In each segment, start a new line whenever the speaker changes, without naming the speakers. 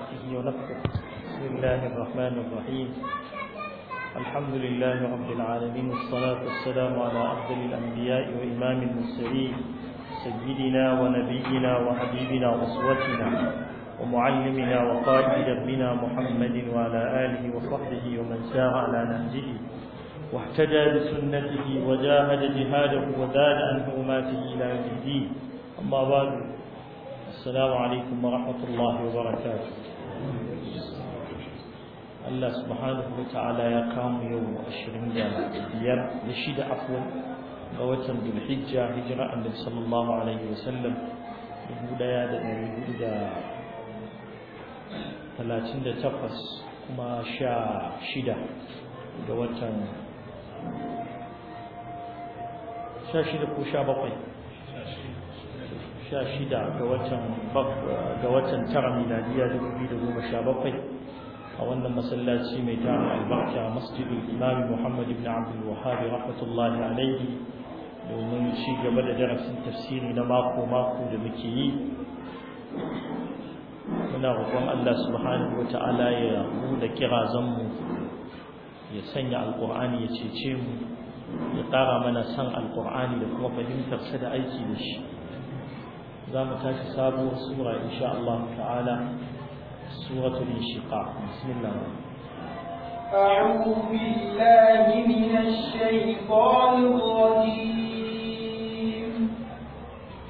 نفسه ونفسه بسم الله الرحمن الرحيم
الحمد لله رب العالمين والصلاة والسلام على أفضل الأنبياء وإمام المرسلين سيدنا ونبينا وحبيبنا وصوتنا ومعلمنا وقائد ربنا محمد وعلى آله وصحبه ومن سار على نهجه واهتدى بسنته وجاهد جهاده وزاد عن حرماته إلى يوم الدين أما بعد السلام عليكم ورحمة الله وبركاته
الله سبحانه وتعالى يقام يوم عشرين جانا ديار نشيد عفوا غوتاً بالحجة هجرة النبي صلى الله عليه وسلم
يهودا يادا يهودا ثلاثين تفس كما شاء شيدا غوتاً شاشد كوشا 16 ga ga watan tara miladiya 2017 a wannan masallaci mai tara albarka masjidin imam Muhammad ibn Abdul Wahhab rahmatullahi alayhi domin ci gaba da darasin tafsiri na mako mako da muke yi muna roƙon Allah subhanahu Ta'ala ya buɗe kirazan mu ya sanya alqur'ani ya cece mu ya ƙara mana san alqur'ani da kuma fahimtar da aiki da shi دام تاتي سابو سورة إن شاء الله تعالى سورة الانشقاق
بسم الله
أعوذ بالله من الشيطان الرجيم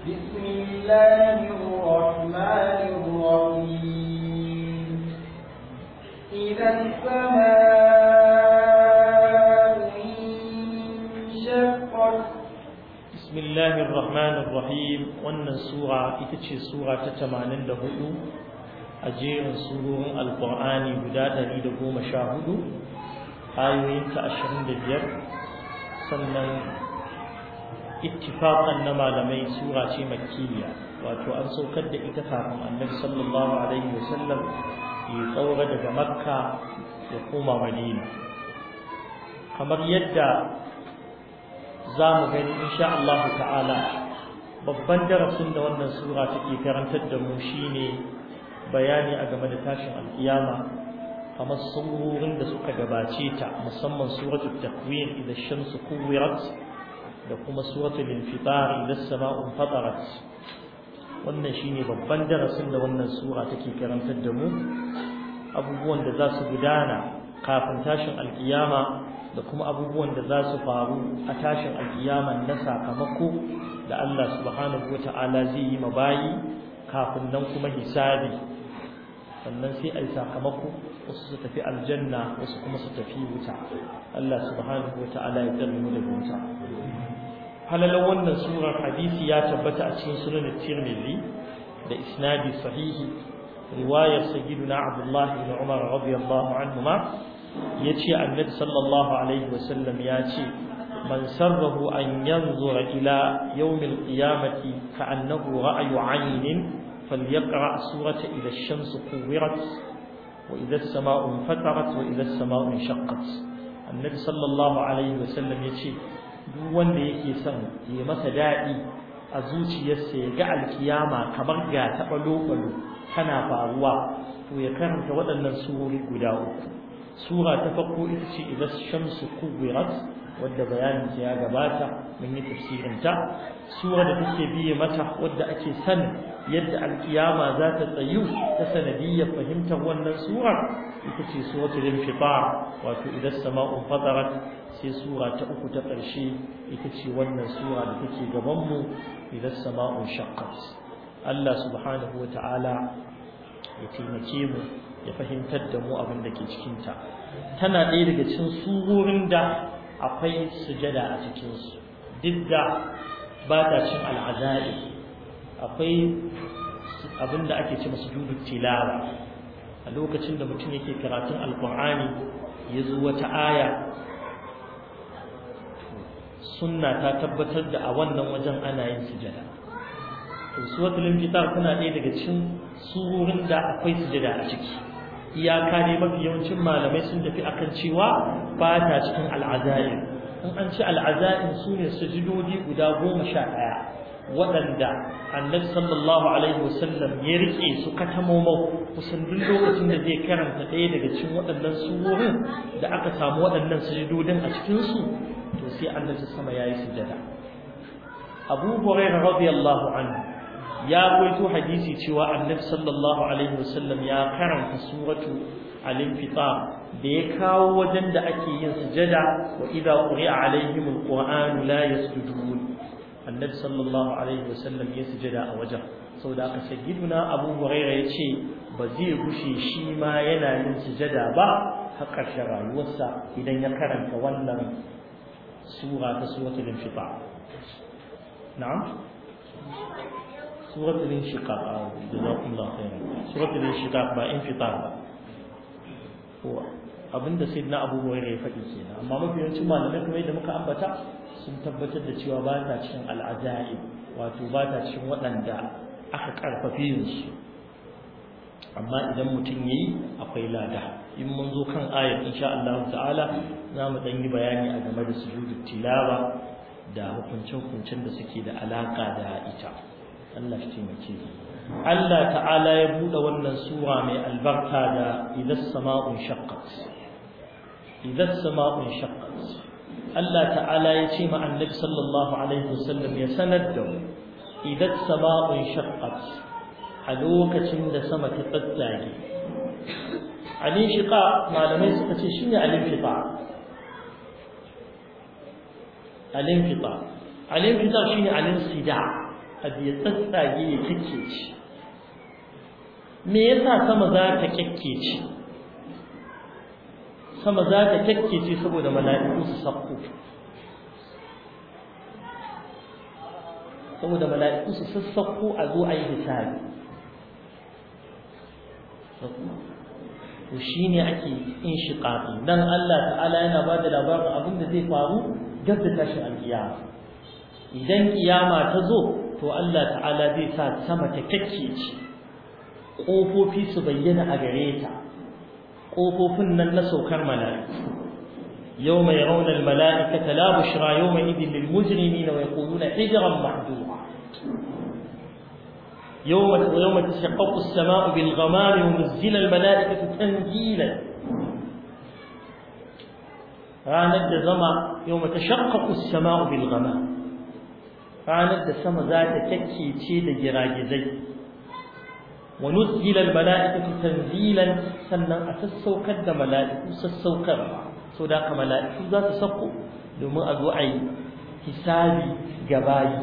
بسم الله الرحمن الرحيم إذا السماء
الله الرحمن الرحيم wannan sura ita ce sura ta 84 a jerin surorin alqur'ani guda 114 ayoyin ta 25 sannan ittifaqan na malamai sura ce makkiya wato an saukar da ita kafin annabi sallallahu alaihi wasallam ya tsaura daga makka ya koma madina kamar yadda za mu gani insha Allah ta'ala babban darasin da wannan sura take karantar da mu shine bayani a game da tashin alkiyama kamar surorin da suka gabace ta musamman suratul takwin idan shamsu kuwirat da kuma suratul infitar idan sama'un fatarat wannan shine babban darasin da wannan sura take karantar da mu abubuwan da za su gudana kafin tashin alkiyama da kuma abubuwan da za su faru a tashin alkiyama na sakamako da Allah subhanahu wata'ala zai yi mabayi kafin nan kuma hisabi sannan sai a yi sakamako wasu su tafi aljanna wasu kuma su tafi wuta Allah subhanahu wata'ala ya tsare mu da wuta halalan wannan surar hadisi ya tabbata a cikin sunan Tirmidhi da isnadi sahihi riwayar sayyidina Abdullahi ibn Umar radiyallahu anhuma yace annabi sallallahu alaihi wasallam ya ce man sarrahu an yanzura ila yawmil qiyamati ka annahu ra'yu 'aynin falyaqra surata ila ash-shams kuwirat wa idha as-sama'u infatarat wa idha as-sama'u inshaqqat annabi sallallahu alaihi wasallam yace duk wanda yake son ya masa dadi a zuciyarsa ya ga alkiyama kamar ga taɓa lokalo tana faruwa to ya karanta waɗannan surori guda uku sura ta farko ita ce idan shamsu kuwirat wadda bayanin ta ya gabata mun yi tafsirin ta sura da take biye mata wadda ake san yadda alkiyama za ta tsayu ta sanadiyyar fahimtar wannan surar ita ce suratul infitar wato idan sama'u fatarat sai sura ta uku ta ƙarshe ita ce wannan sura da take gaban mu idan sama'u shaqqat Allah subhanahu wa ta'ala ya taimake mu ya fahimtar da mu abin da ke cikinta tana ɗaya daga cikin surorin da akwai sujada a cikinsu duk da ba ta cin al'aza'i akwai abin da ake ci masu dubu tilawa a lokacin da mutum yake karatun alkur'ani ya zo wata aya sunna ta tabbatar da a wannan wajen ana yin sujada to suwatul infitar tana ɗaya daga cikin surorin da akwai sujada a ciki iyaka ne mafi yawancin malamai sun tafi akan cewa ba ta cikin al'azain in an ci al'azain su ne sujudodi guda goma sha ɗaya waɗanda annabi sallallahu alaihi wasallam ya riƙe su katamomau kusan duk lokacin da zai karanta ɗaya daga cikin waɗannan suwurin da aka samu waɗannan sujudodin a cikinsu to sai annabi sama ya yi sujada abu hurairah radiyallahu anhu ya kwaito hadisi cewa annabi sallallahu alaihi wasallam ya karanta suratu al-infitar da ya kawo wajen da ake yin sujada wa idza quri'a alaihim al-qur'an la yasjudun annabi sallallahu alaihi wasallam ya sujada a wajen saboda aka sayyiduna abu hurairah yace ba zai gushe shi ma yana yin sujada ba har ƙarshen rayuwarsa idan ya karanta wannan sura ta suratul infitar na'am سورة الانشقاق جزاكم الله خيرا سورة الانشقاق با انفطار هو abinda sayyidina Abu Hurairah ya faɗi kenan amma mafi yawancin malamai kuma yadda muka ambata sun tabbatar da cewa ba ta cikin al'ajaib wato ba ta cikin waɗanda aka karfafe su amma idan mutum yayi akwai lada in mun zo kan ayat insha Allah ta'ala za mu dan yi bayani a game da sujudut tilawa da hukuncin hukuncin da suke da alaka da ita Allah shi taimake Allah ta'ala ya buɗe wannan sura mai albarka da idas sama'un shaqqat idas sama'un shaqqat Allah ta'ala ya ce ma annabi sallallahu alaihi wasallam ya sanar da mu idas sama'un shaqqat a lokacin da sama ta tsatsage alin shiqa malamai suka ce shine alin shiqa alin shiqa ali shiqa shine sida' abu ya tsatsage ya ci me yasa sama za ta ci sama za ta ci saboda mala'iku su sakko saboda mala'iku su sassako a zo a yi hisabi shi shine ake in ƙafi don Allah ta'ala yana ba da labarin abin da zai faru gaggata da a alkiyama idan kiyama ta zo to Allah ta'ala zai sa sama ta kake ce ƙofofi su bayyana a gare ta ƙofofin nan na saukar mala'iku يوم يرون الملائكة لا بشرى يومئذ للمجرمين ويقولون حجرا محجورا يوم ويوم تشقق السماء بالغمام ونزل الملائكة تنزيلا رانا الزمع يوم تشقق السماء بالغمام ranar da sama za ta kyakkece da giragizai wa nuzila almala'ikatu tanzilan sannan a sassaukar da mala'iku sassaukar sau da aka mala'iku za su sako domin a zo a yi hisabi ga bayi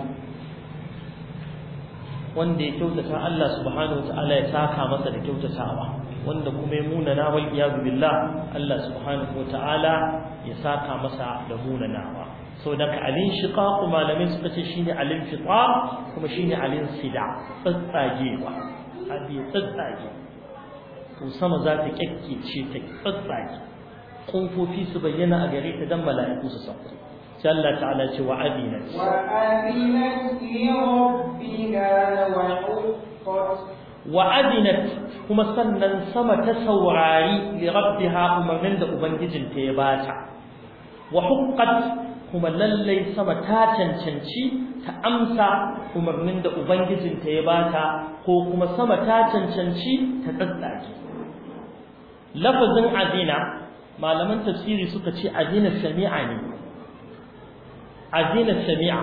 wanda ya kyautata Allah subhanahu ta'ala ya saka masa da kyautatawa wanda kuma ya munana wal iyadu billah Allah subhanahu ta'ala ya saka masa da munana so daga alin shiqaq malamai suka ce shine alin fitar kuma shine alin sida tsatsagewa tsatsage to sama za ta kyakkece ta tsatsage su bayyana a gare ta dan mala'iku su sauko sai Allah ta'ala ce wa abinat wa abinat wa huqqat kuma sannan sama ta saurari li rabbiha umarnin da ubangijinta ya bata wa huqqat kuma lallai sama ta cancanci ta amsa umarnin da ubangijinta ya bata ko kuma sama ta cancanci ta tsatsaki lafazin azina malaman tafsiri suka ce azina sami'a ne azina sami'a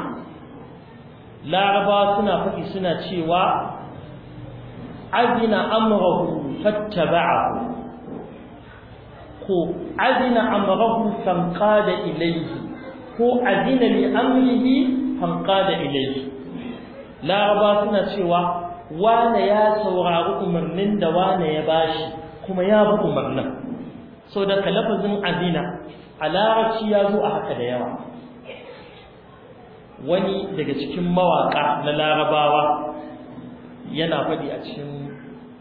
laraba suna faɗi suna cewa azina amrahu fattaba'ahu ko azina amrahu fanqada ilayhi ko adina li amrihi fanqada ilayhi laraba suna cewa wane ya saurari umarnin da wane ya bashi kuma ya bi umarnin so da kalafazin adina a larabci ya zo a haka da yawa wani daga cikin mawaka na larabawa yana faɗi a cikin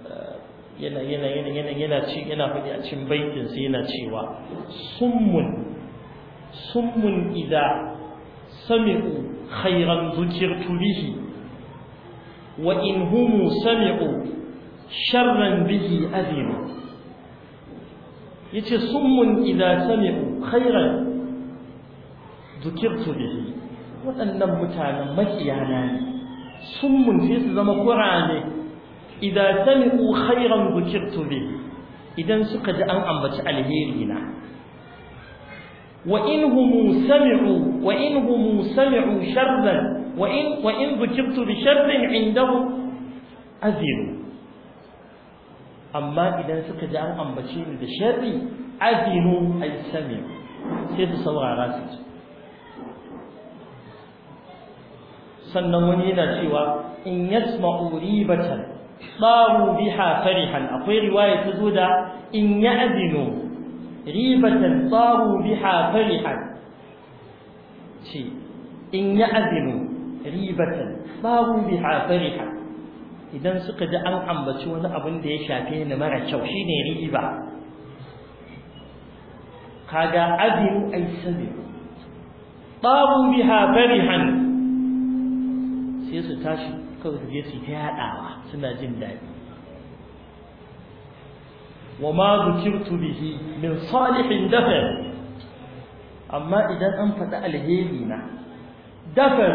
eh, yana yana yana yana yana yana faɗi a cikin baitinsa yana cewa summun summun idza sami'u khairan dhukirtu bihi wa in hum sami'u sharran bihi azim yace summun idza sami'u khairan dhukirtu bihi waɗannan mutanen makiyana ne summun sai su zama kurane idan sami'u khairan dhukirtu bihi idan suka ji an ambaci alheri na وإن هم سمعوا وإن هم سمعوا شرا وإن وإن ذكرت بشر عنده أذنوا أما إذا سكت عن أنبتين بشر أذنوا أي سمعوا سيد صلى على sannan wani yana cewa in yasma'u ribatan daru biha farihan akwai riwaya ta zo da in ya'dinu ribatan saru biha farihan Ci in ya azimu ribatan saru biha farihan idan suka ji an ambaci wani abin da ya shafe ni mara kyau shine riba kaga azimu ay sabiru saru biha farihan sai su tashi kawai su je su ta yadawa suna jin daɗi wama zikirtu bihi min salihin dafar amma idan an faɗi alheri na dafar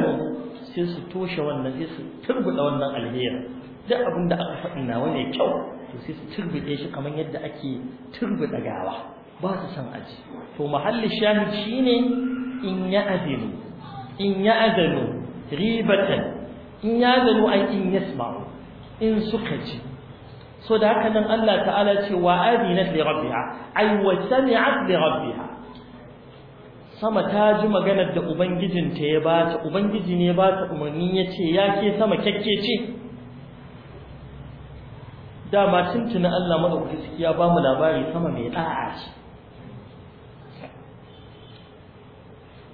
sai su toshe wannan sai su turbuɗe wannan alheri duk abin aka faɗi nawa ne kyau to sai su turbuɗe shi kamar yadda ake turbuɗe gawa ba su san aji to mahalli shahid shi ne in ya azinu in ya in ya azinu ai in ya in suka ji so da haka nan Allah ta'ala ce wa adinat li rabbiha ay wa sami'at li rabbiha sama ta ji maganar da ubangijin ta ya ba ta ubangiji ne ba ta umarni ya ce ya ke sama kyakke ce dama tuntuna Allah maɗaukaki Sukiya, ba mu labari sama mai da'a ce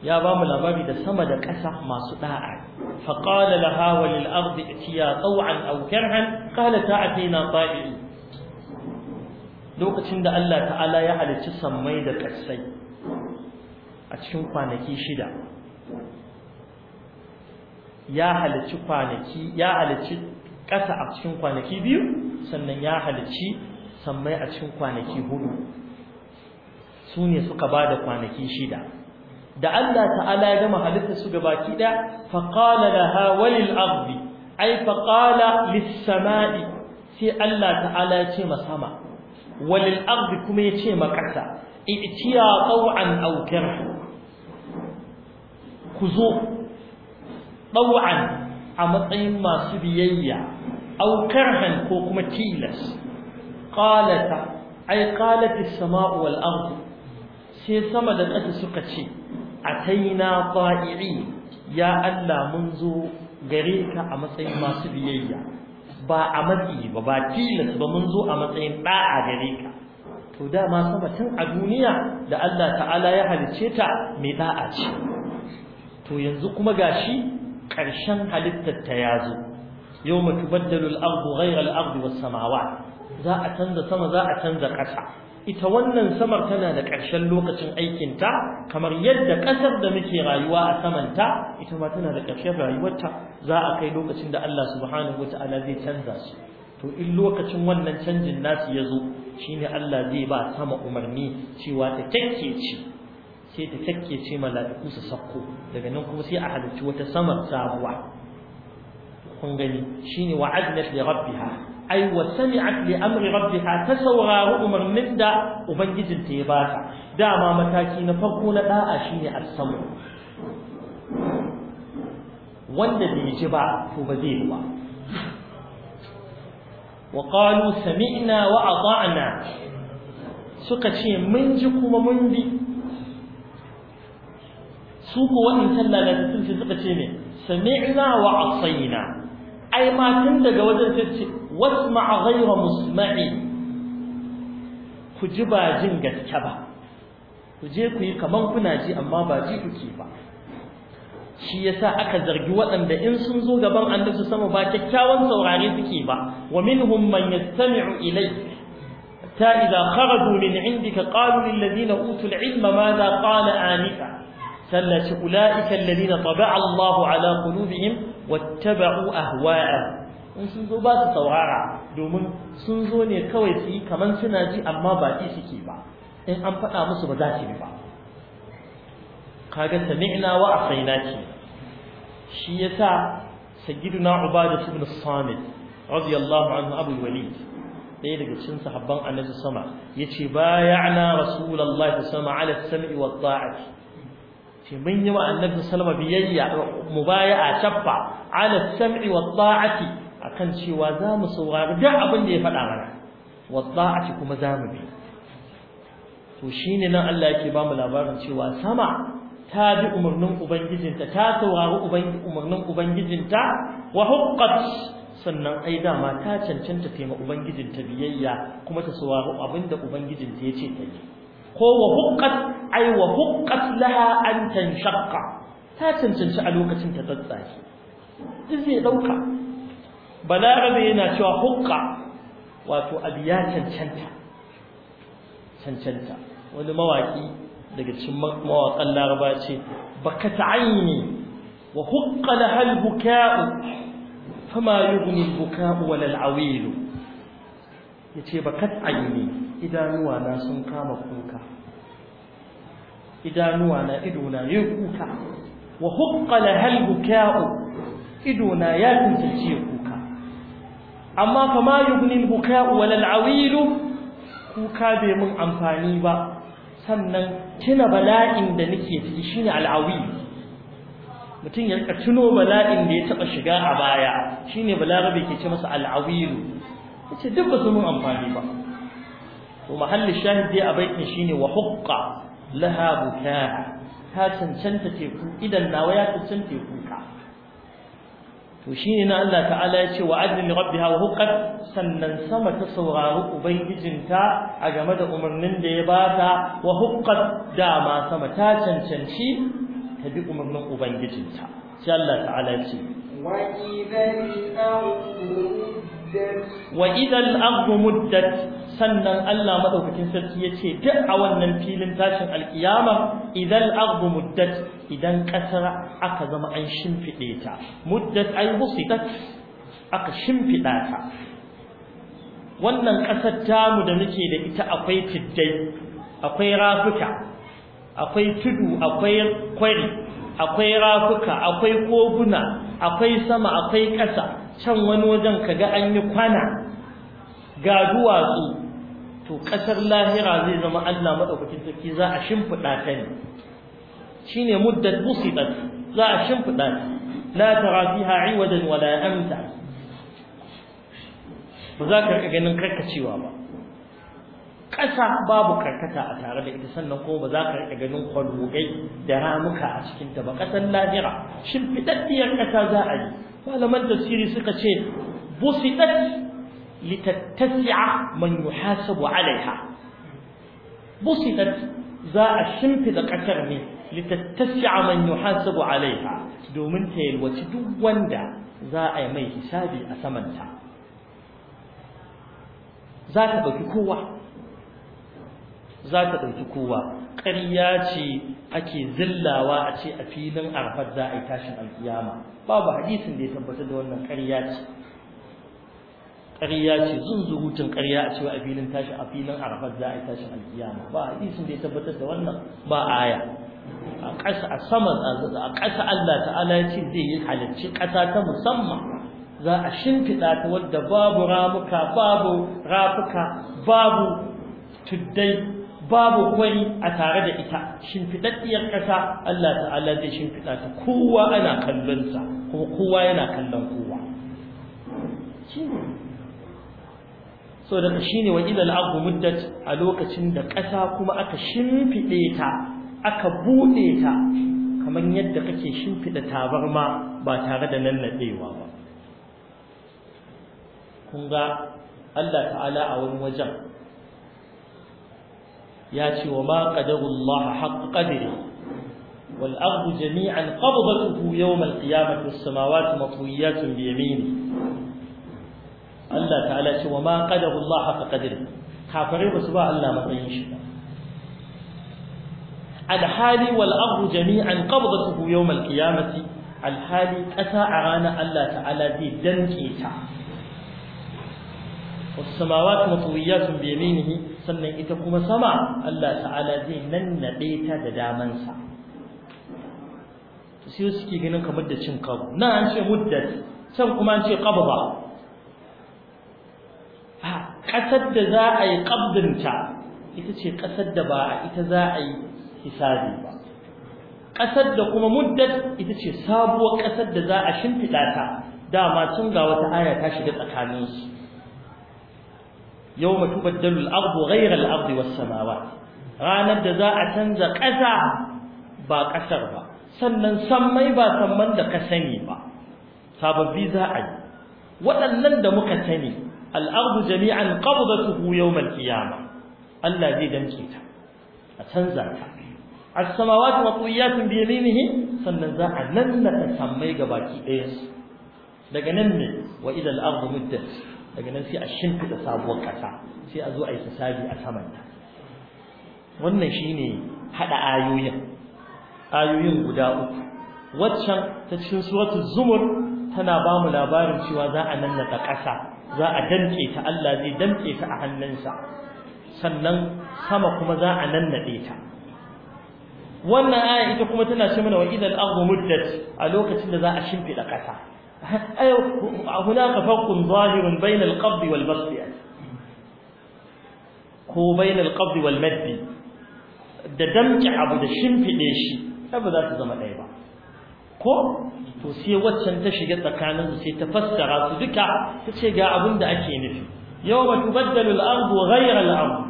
ya ba mu labari da sama da ƙasa masu da'a fa qala laha wa lil ardi atiya taw'an aw karhan qala ta'atina tabi'i lokacin da Allah ta'ala ya halicci sammai da ƙasai a cikin kwanaki shida ya halicci kwanaki ya halicci ƙasa a cikin kwanaki biyu sannan ya halicci sammai a cikin kwanaki hudu su ne suka ba da kwanaki shida da Allah ta'ala ya gama halitta su gabaki da fa qala laha walil ardi ay fa qala lis sama'i sai Allah ta'ala ya ce ma sama walil ardi kuma ya ce ma ƙasa itiya taw'an aw karha ku zo taw'an a matsayin masu biyayya aw karhan ko kuma tilas qalata ay qalat as-sama'u wal sai sama da ƙasa suka ce ataina ta'i'i ya Allah mun zo gare ka a matsayin masu biyayya ba a matsi ba ba tilas ba mun zo a matsayin da'a gare ka to dama sama tun a duniya da Allah ta'ala ya halice ta mai da'a ce to yanzu kuma gashi ƙarshen halittar ta yazo yawma tubaddalu al-ardu ghayra al-ardi was-samawat za a canza sama za a canza ƙasa ita wannan samar tana da ƙarshen lokacin aikinta kamar yadda ƙasar da muke rayuwa a samanta ita ma tana da ƙarshen rayuwarta za a kai lokacin da Allah subhanahu wata'ala zai canza su to in lokacin wannan canjin nasu ya zo shine Allah zai ba sama umarni cewa ta takke ci, sai ta takke ce mala'iku su sakko daga nan kuma sai a halarci wata samar sabuwa kun gani shine wa'adnat li rabbiha ai wa sami'at li amri rabbiha ta saurari umarnin da ubangijinta ya bata dama mataki na farko na da'a shine as-samu wanda bai ji ba to ba zai ba wa qalu sami'na wa ata'na suka ce mun ji kuma mun bi su ko wannan sallah da sun suka ce ne sami'na wa ata'na ai ma tun daga wajen sai wasma a zaira musulmai ku ji ba jin gaske ba ku je ku yi ji amma ba ji kuke ba shi yasa aka zargi waɗanda in sun zo gaban an da su sama ba kyakkyawan saurare suke ba wa minhum man yastami'u ilay ta idza kharaju min indika qalu lil ladina utul ilma madha qala anika sallallahu ulaika alladina taba'a allah ala qulubihim wattaba'u ahwa'ahum in sun zo ba su saurara domin sun zo ne kawai su yi kamar suna ji amma ba ji suke ba in an faɗa musu ba za su yi ba kaga sami'na wa asaina ce shi yasa sayyiduna ubada ibn samit radiyallahu anhu abu walid ɗaya daga cikin sahabban annabi sama yace bayana rasulullahi sama ala sam'i wa ta'ati ce mun yi wa annabi salama biyayya mubaya'a a ala sam'i wa ta'ati akan cewa za mu saurari duk abin da ya faɗa mana wadda'ati kuma za mu bi to shine nan Allah yake ba mu labarin cewa sama ta bi umarnin ubangijinta ta saurari umarnin ubangijinta wa huqqat sannan ai dama ta cancanta taima ubangijinta biyayya kuma ta saurari abinda ubangijinta yace ce ta yi ko wa huqqat ai wa huqqat laha an tanshaqqa ta cancanci a lokacin ta tsatsaye duk zai dauka balarabe yana cewa hukka wato abu ya cancanta cancanta wani mawaki daga cikin mawakan laraba ce baka ta'ayni wa hukka da hal buka'u fama yughni buka'u wal al'awilu yace baka ta'ayni idanuwa na sun kama kuka idanuwa na ido na yi kuka wa hukka da hal buka'u ido na ya tantance ku amma fama yughnil buka'u wal awilu kuka bai mun amfani ba sannan tuna bala'in da nake ciki shine al'awil mutum ya rika tuno bala'in da ya taba shiga a baya shine balarabe ke ce masa al'awilu yace duk ba su mun amfani ba to mahallin shahid dai a shine wa huqqa laha bukaa ta cancanta teku idan nawa ya cancanta teku to shine na Allah ta'ala ya ce wa adlin rabbiha wa huqqat sannan sama ta saurari ubangijinta a game da umarnin da ya bata wa huqqat dama sama ta cancanci ta bi umarnin ubangijinta sai Allah ta'ala ya ce
wa idhal ardu
muddat muddat sannan Allah madaukakin sarki ya ce duk a wannan filin tashin alkiyama idan ardu muddat idan kasara aka zama an shimfiɗe ta muddat ay busitat aka shimfiɗa ta wannan kasar tamu da muke da ita akwai tiddai akwai rafuka akwai tudu akwai kwari akwai rafuka akwai koguna akwai sama akwai ƙasa can wani wajen kaga an yi kwana ga duwatsu to ƙasar lahira zai zama Allah maɗaukakin sarki za a shimfiɗa ta ne shi ne muddat musibat za a shimfiɗa ta la tara fiha iwajan wala amta ba za ka ganin karkacewa ba ƙasa babu karkata a tare da ita sannan kuma ba za ka rika ganin kwalwuƙai da ramuka a cikinta ba ƙasar lahira shimfiɗaɗɗiyar ƙasa za a yi malaman tasiri suka ce busiɗat litattasi'a man yuhasabu alaiha busitat za a shimfida ƙasar ne litattasi'a man yuhasabu alaiha domin ta yalwaci duk wanda za a yi mai hisabi a samanta za ta ɗauki kowa za ta ɗauki kowa ƙarya ce ake zillawa a ce a filin arfar za a yi tashin alkiyama babu hadisin da ya tabbatar da wannan ƙarya ce ƙarya ce zunzurutun ƙarya a cewa a filin tashi a filin arafat za a yi tashin alkiyama ba hadisin da ya tabbatar da wannan ba aya a ƙasa a sama a ƙasa Allah ta'ala ya ce zai yi halicci ƙasa ta musamman za a shimfiɗa ta wadda babu ramuka babu rafuka babu tuddai babu kwari a tare da ita shimfiɗaɗɗiyar ƙasa Allah ta'ala zai shimfiɗa ta kowa ana kallonsa kuma kowa yana kallon kowa so da shine wa idal muddat a lokacin da ƙasa kuma aka shimfide ta aka buɗe ta kamar yadda kake shimfiɗa tabarma ba tare da nannaɗewa ba Kunga Allah ta'ala a wani wajen ya ce wa ma qadarullaha haqqa qadri wal ardu jami'an qabdatuhu yawm al qiyamati was samawati matwiyatun bi yamini Allah ta'ala ce wa ma qadahu Allah haka qadri kafare ba su ba Allah matsayin shi alhali wal ardu jami'an qabdatuhu yawm al qiyamati alhali kasa a ranar Allah ta'ala zai danke ta والسماوات مطويات بيمينه sannan ita kuma sama Allah ta'ala zai nannaɗe ta da daman sa. damansa sai suke ganin kamar da cin kabu na an ce muddat can kuma an ce qabda ƙasar da za a yi ƙabdinta ita ce ƙasar da ba a ita za a yi hisabi ba ƙasar da kuma muddat ita ce sabuwar ƙasar da za a shimfiɗa ta dama tun ga wata aya ta shiga tsakaninsu yau mutu baddalu al'ardu ghairar al'ardu wasu samawa ranar da za a canza ƙasa ba ƙasar ba sannan sammai ba samman da ka sani ba sababbi za a yi waɗannan da muka sani al'ardu jami'an qabdatuhu yawmal qiyamah Allah zai damke ta a canza ta as-samawati matwiyatun bi yaminihi sannan za a nannata sammai gabaki ɗayan su daga nan ne wa idza al daga nan sai a shimfida sabuwar ƙasa, sai a zo a yi hisabi a samanta. Wannan shi shine haɗa ayoyin ayoyin guda uku waccan ta cikin suratul zumur tana ba mu labarin cewa za a nannata ƙasa. za a damƙe ta Allah zai damƙe ta a hannunsa sannan sama kuma za a nannaɗe ta wannan aya ita kuma tana ce mana wa idan ardu muddat a lokacin da za a shimfida ƙasa ay hunaka farqun zahirun bayna al-qabd wal basd ko bayna al-qabd wal da damƙe abu da shimfide shi ba za ta zama ɗaya ba ko to sai waccan ta shiga tsakanin su sai ta fassara su duka ta ce ga abin da ake nufi yawma tubaddalu al-ardu ghayra al-ardu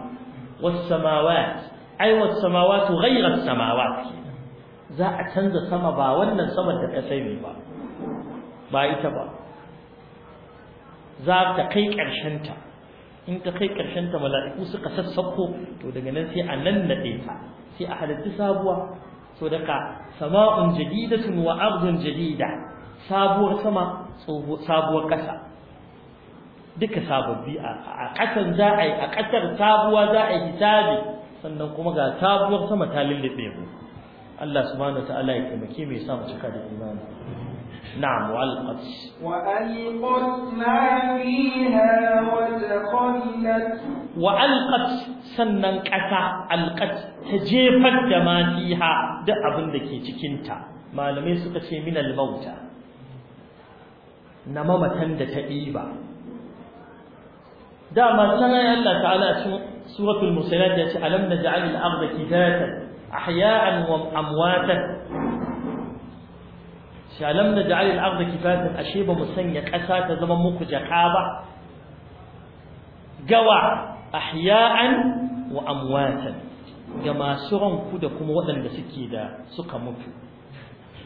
was-samawat ay was-samawat ghayra as-samawat za a canza sama ba wannan sama da ta sani ba ba ita ba za ta kai ƙarshen ta in ta kai ƙarshen ta mala'iku suka sassako to daga nan sai a nan nade ta sai a halitta sabuwa so daga sama'un jadidatun wa ardun jadida sabuwar sama sabuwar ƙasa duka sababbi a ƙasan za a yi a ƙasar sabuwa za a yi hisabi sannan kuma ga sabuwar sama ta lullube mu Allah subhanahu wa ta'ala ya taimake mai sa mu cika da imani نعم وألقت
وألقت ما فيها وتخلت
وألقت سنن كسا ألقت تجيفت ما فيها ده أبن دكي تكنتا ما لم يسقط من الموتى نمامة تئيبا ده ما سنة الله تعالى سورة المرسلات يقول ألم نجعل الأرض كذاتا أحياء وأمواتا shi alam da ja'al al-ard kifatan ashe ba mu sanya ƙasa ta zama muku jaka ba gawa ahya'an wa amwatan ga masu ranku da kuma waɗanda suke da suka mutu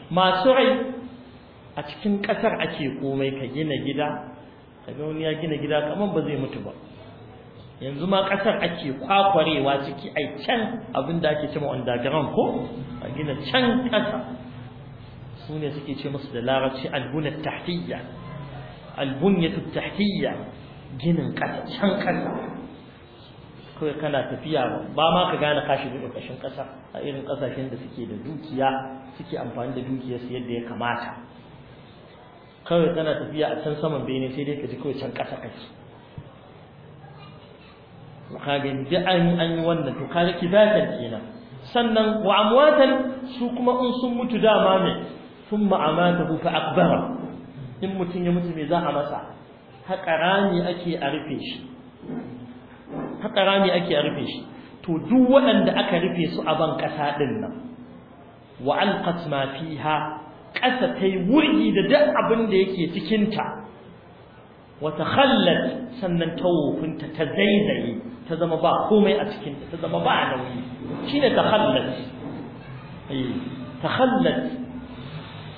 masu rai a cikin ƙasar ake komai ka gina gida ka ga wani ya gina gida kamar ba zai mutu ba yanzu ma ƙasar ake kwakwarewa ciki ai can abin da ake cewa underground ko a gina can ƙasa su ne suke ce musu da larabci albunat tahtiyya albunyatu tahtiyya ginin kasa can kasa kawai kana tafiya ba ma ka gane kashi da kashin ƙasa a irin ƙasashen da suke da dukiya suke amfani da dukiyar su yadda ya kamata kawai kana tafiya a can saman bene sai dai ka ji kawai can ƙasa kake ka gani duk an an yi wannan to kaga kibatan kenan sannan wa amwatan su kuma in sun mutu dama ne ثم أماته فأقبره in mutum ya mutu me za a masa haka rami ake a rufe shi haka rami ake a rufe shi to duk waɗanda aka rufe su a ban ƙasa ɗin nan wa alqat ma fiha ƙasa tai wurgi da duk abin da yake cikin ta wa takhallat sannan tawofinta ta zaizaye ta zama ba komai a cikin ta ta zama ba nauyi shine takhallat eh takhallat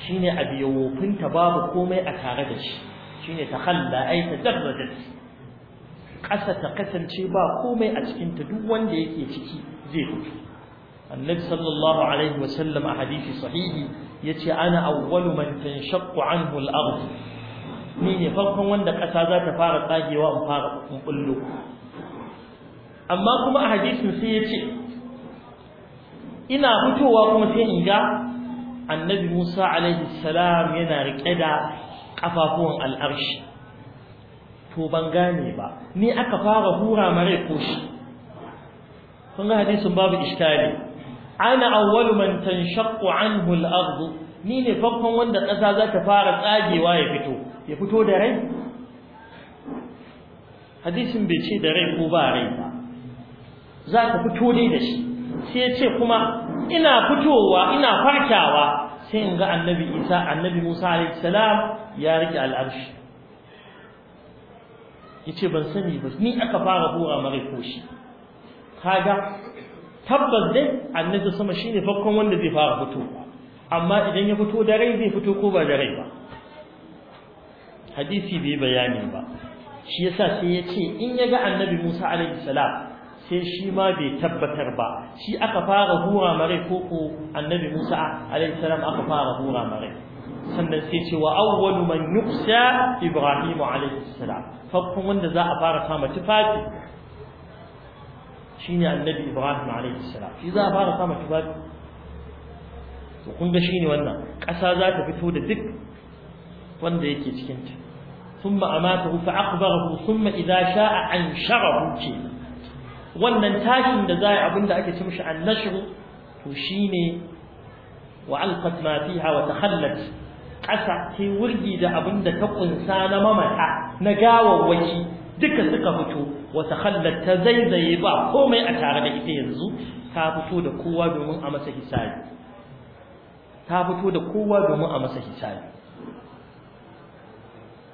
shine abu ya wofinta babu komai a tare da shi shine ta khalla ai ta darrajat ƙasa ta kasance ba komai a cikin ta duk wanda yake ciki zai fito annabi sallallahu alaihi wa sallam a hadisi sahihi yace ana awwalu man tanshaqqu anhu al-ardh ni ne farkon wanda ƙasa za ta fara tsagewa in fara in bullo amma kuma a hadisin sai yace ina fitowa kuma sai in ga annabi Musa alaihi salam yana rike da kafafuwan al'arshi to ban gane ba ni aka fara hura mare ko shi kun ga hadisin babu iskari ana awwalu man tanshaqqu anhu al-ard ni ne farkon wanda ƙasa za ta fara tsagewa ya fito ya fito da rai hadisin bai ce da rai ko ba rai ba za ta fito dai da shi sai ya ce kuma ina fitowa ina farkawa sai in ga annabi isa annabi musa alaihi salam ya rike al'arshi yace ban sani ba ni aka fara hura mare koshi kaga tabbas dai annabi sama shine farkon wanda zai fara fitowa amma idan ya fito da rai zai fito ko ba da rai ba hadisi bai bayani ba shi yasa sai yace in ya ga annabi Musa alaihi salam sai shi ma bai tabbatar ba shi aka fara hura mare ko ko annabi Musa alaihi salam aka fara hura mare sannan sai ce wa awwalu man yuqsa Ibrahim alaihi salam farkon wanda za a fara kama tufafi shine annabi Ibrahim alaihi salam shi za a fara kama tufafi to kun ga shine wannan ƙasa za ta fito da duk wanda yake cikin ta ثم أماته فأقبره ثم إذا شاء أنشره kenan wannan tashin da za a yi abin da ake ce mishi annashru to shine wa alqat ma fiha wa takhallat ƙasa ta wurgi da abin da ta kunsa na mamata na gawawwaki duka suka fito wata takhallat ta zaizaye ba komai a tare da ita yanzu ta fito da kowa domin a masa hisabi ta fito da kowa domin a masa hisabi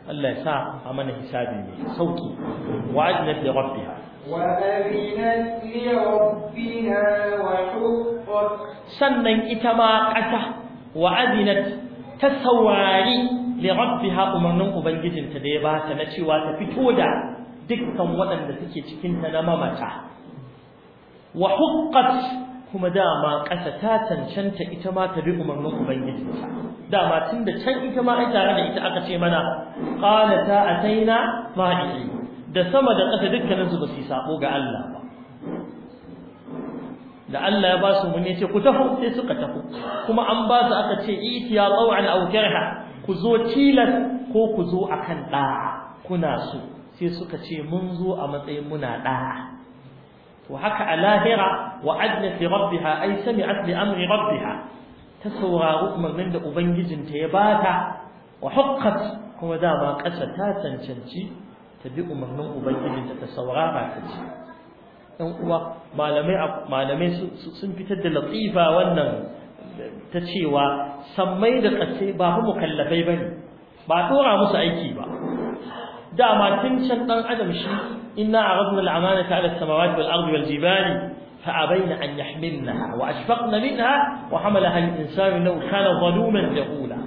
Allah ya sa a mana hisabi mai sauki wa ajnat li rabbiha sannan ita ma ƙasa wa azinat ta saurari li rabbiha umarnin ubangijinta da ya ba ta na cewa ta fito da dukkan waɗanda suke cikin ta na mamata wa huqqat kuma dama ƙasa ta cancanta ita ma ta bi umarnin ubangijinta dama tun da can ita ma ai tare da ita aka ce mana qala ta taina ma'i da sama da ƙasa dukkaninsu ba su yi sabo ga Allah ba da Allah ya ba su mun yace ku tafi sai suka tafi kuma an ba su aka ce itiya taw'an aw karha ku zo tilas ko ku zo akan da'a kuna su sai suka ce mun zo a matsayin muna da'a to haka
a lahira
wa adnat li rabbiha ay sami'at li amri rabbiha ta saura umarnin da ubangijinta ya bata wa huqqat kuma dama ƙasa ta cancanci ta bi umarnin ubangijin ta saurara ta ce ɗan uwa malamai sun fitar da latifa wannan ta cewa sammai da ƙasai ba fa mukallafai ba ne ba ɗora musu aiki
ba dama
tun can ɗan adam shi inna a rabu al'amana ta ala samawati wal ardi wal jibali fa abaina an yahmilna wa ashfaqna minha wa hamalaha al insanu law kana zaluman jahula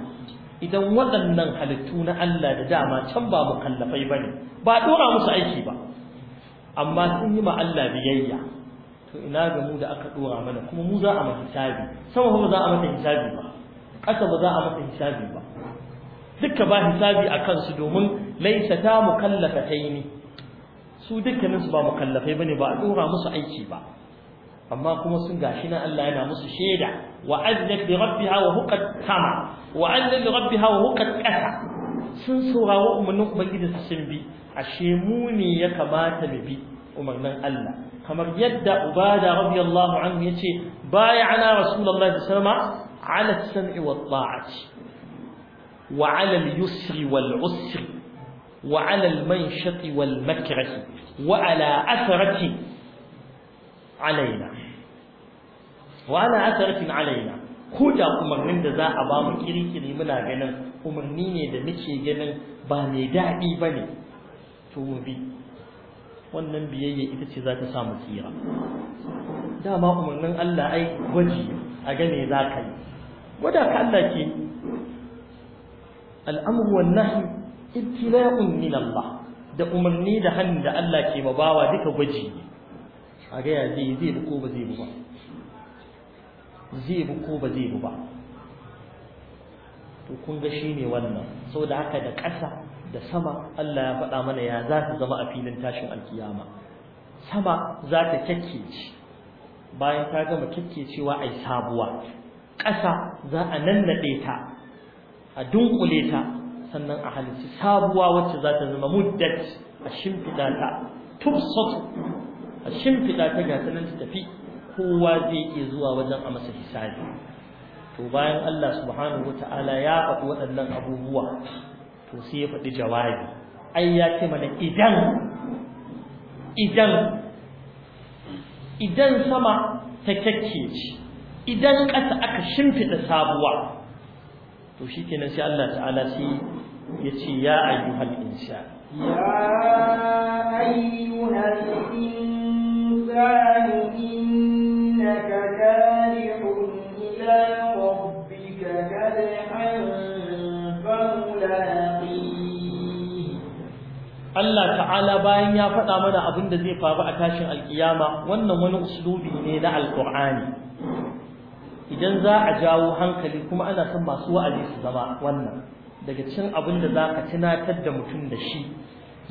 idan waɗannan halittu na Allah da dama can ba mukallafai bane ba dora musu aiki ba amma sun yi ma Allah biyayya to ina ga mu da aka dora mana kuma mu za a mata hisabi sama ba za a mata hisabi ba ƙasa ba za a mata hisabi ba duka ba hisabi a kansu domin laisa ta mukallafataini su dukkaninsu ba mukallafai bane ba a dora musu aiki ba amma kuma sun gashi na Allah yana musu shaida wa azzat li rabbiha wa huqat sama wa azzat li rabbiha wa huqat qasa sun saurawa umarnin ubangiji su sun bi ashe mu ne ya kamata mu bi umarnin Allah kamar yadda ubada radiyallahu anhu yace bay'ana rasulullahi sallallahu alaihi wasallam ala as-sam'i wat ta'ati wa ala al-yusri wal 'usri wa ala al-manshati wal makrati wa ala atharati alaina wa ana asaratin alaina ko da umarnin da za a ba mu kirkiri muna ganin umarni ne da muke ganin ba mai daɗi ba ne to bi wannan biyayya ita ce za ta sa mu tsira dama umarnin Allah ai gwaji a gane za ka yi gwada ka Allah ke al'amru wan nahy ibtila'un min Allah da umarni da hannu da Allah ke mabawa duka gwaji ne a gaya ya zai zai bi ko ba zai bi ba zai bi ko ba zai bi ba to kun ga ne wannan saboda haka da ƙasa da sama Allah ya faɗa mana ya za ta zama a filin tashin alkiyama sama za ta kyakkece bayan ta gama kyakkecewa ai sabuwa ƙasa za a nannaɗe ta a dunkule ta sannan a halitta sabuwa wacce za ta zama muddat a shimfiɗa ta tubsatu a shimfiɗa ta gasa nan ta tafi kowa zai iya zuwa wajen a masa hisabi to bayan Allah subhanahu ta'ala ya faɗi waɗannan abubuwa to sai ya faɗi jawabi ai ya ce mana idan idan idan sama ta kyakkece idan ƙasa aka shimfiɗa sabuwa to shi kenan sai Allah ta'ala sai ya ce ya ayyuhal insa ya
ayyuhal insa
Allah ta'ala bayan ya faɗa mana abin da zai faru a tashin alkiyama wannan wani uslubi ne na alkur'ani idan za a jawo hankali kuma ana son masu wa'azi su zama wannan daga cin abin da za ka tunatar da mutum da shi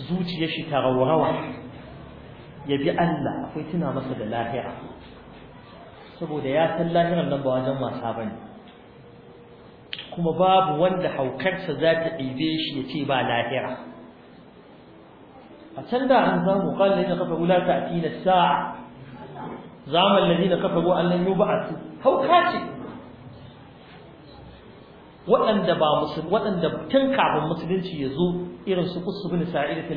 zuciyar shi ta rawa ya bi Allah akwai tuna masa da lahira saboda ya san lahiran nan ba wajen wasa ba ne kuma babu wanda haukarsa za ta ɗibe shi ya ce ba lahira a can da an mu kallon ina kafa wula ta atina sa'a zaman lalli na kafa ruwa allon yi ba a su hauka ce waɗanda ba musulmi waɗanda tun kafin musulunci ya zo irin su kusu bin sa'ida ta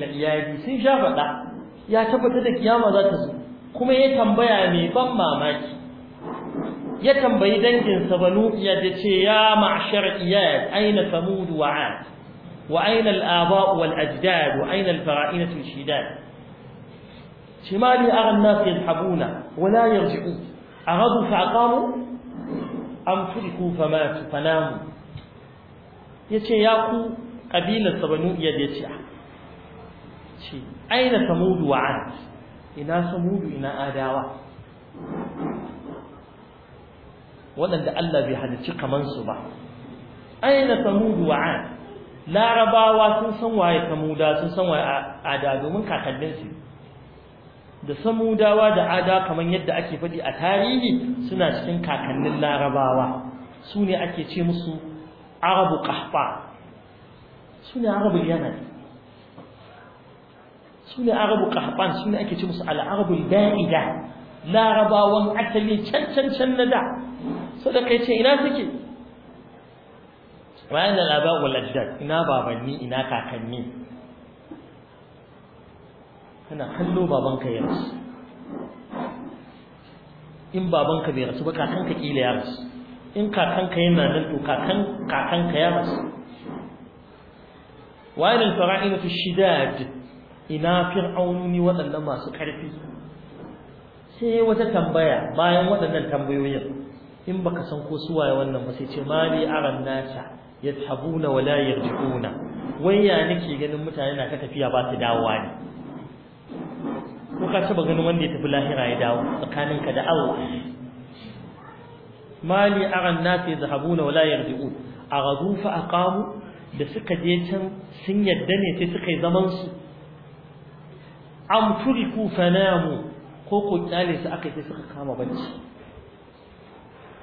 sun sha faɗa ya tabbatar da kiyama za ta zo kuma ya tambaya mai ban mamaki ya tambayi danginsa banu ya ce ya ma'ashar iyad aina samud wa ad wa aina al-aba wal ajdad wa aina al-fara'ina al-shidad shimali ara an-nas yadhhabuna wa la yarji'un aradu fa'qamu am fuliku famatu fanamu yace ya ku kabilar sabanu ya yace ce aina samudu wa ad ina samudu ina adawa waɗanda Allah bai halicci kaman su ba aina samudu wa ad larabawa sun san waye samuda sun san waye ada domin kakanninsu da samudawa da ada kaman yadda ake faɗi a tarihi suna cikin kakannin larabawa su ne ake ce musu arabu kahfa su ne arabu yanayi su ne arabu kahfan su ne ake ce musu al'arabul da'ida larabawan asali can can can na da sadaka ce ina suke bayan da laba waladdad ina babanni ina kakanni kana kallo babanka ya rasu in babanka bai rasu ba kakanka kila ya rasu in kakanka yana nan to kakan kakanka ya rasu wa'al fara'inatu shidad ina fir'aunoni waɗannan masu ƙarfi sai wata tambaya bayan waɗannan tambayoyin in baka san ko su waye wannan ba sai ce mali aran nasa yadhabuna wa la yarji'una wai ya nake ganin mutane na ka tafiya ba su dawowa ne ko ka ba ganin wanda ya tafi lahira ya dawo tsakaninka da Allah mali aran nasa yadhabuna wa la yarji'un aghadu fa aqamu da suka je can sun yadda ne sai suka yi zaman su am turiku fanamu ko ku kyale su aka sai suka kama bacci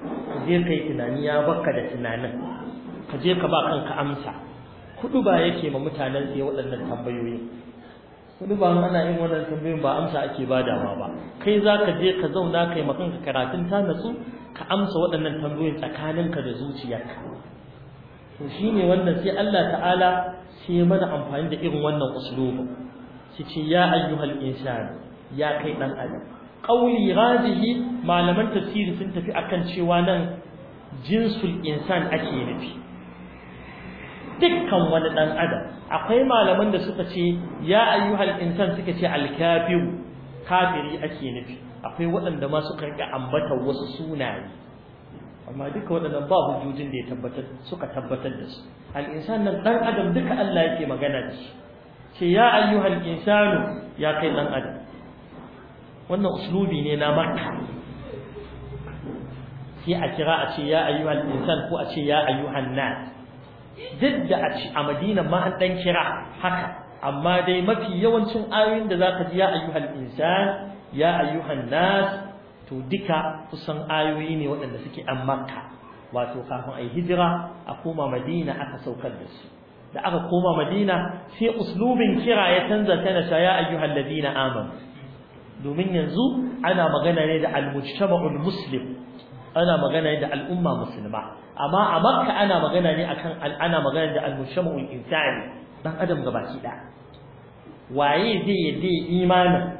ka je kai tunani ya baka da tunanin ka je ka ba kanka amsa kudu ba yake ma mutanen sai waɗannan tambayoyi kudu ba ana yin wannan tambayoyin ba amsa ake badawa ba kai za ka je ka zauna kai ma kanka karatun ta natsu ka amsa waɗannan tambayoyin tsakaninka da zuciyarka to shine wannan sai Allah ta'ala sai mana amfani da irin wannan uslubin kici ya ayyuhal insan ya kai dan adam qauli radihi malaman tafsiri sun tafi akan cewa nan jinsul insan ake nufi dukkan wani dan adam akwai malaman da suka ce ya ayyuhal insan suka ce alkafiru kafiri ake nufi akwai waɗanda ma suka rika ambatar wasu sunaye amma duka waɗannan ba hujjojin da ya tabbatar suka tabbatar da su al insan nan dan adam duka Allah yake magana da shi ce ya ayyuhal insanu ya kai dan adam wannan uslubi ne na makka sai a kira a ce ya ayyuhal insan ko a ce ya ayyuhan nas duk da a ce madina ma an dan kira haka amma dai mafi yawancin ayoyin da zaka ji ya ayyuhal insan ya ayyuhan nas to duka kusan ayoyi ne waɗanda suke an makka wato kafin yi hijira a koma madina aka saukar da su da aka koma madina sai uslubin kira ya canza tana ta ya ayyuhal ladina amanu domin yanzu ana magana ne da al muslim ana magana ne da al'umma musulma amma a makka ana magana ne akan ana magana da al insani dan adam gabaki da waye zai yi imanin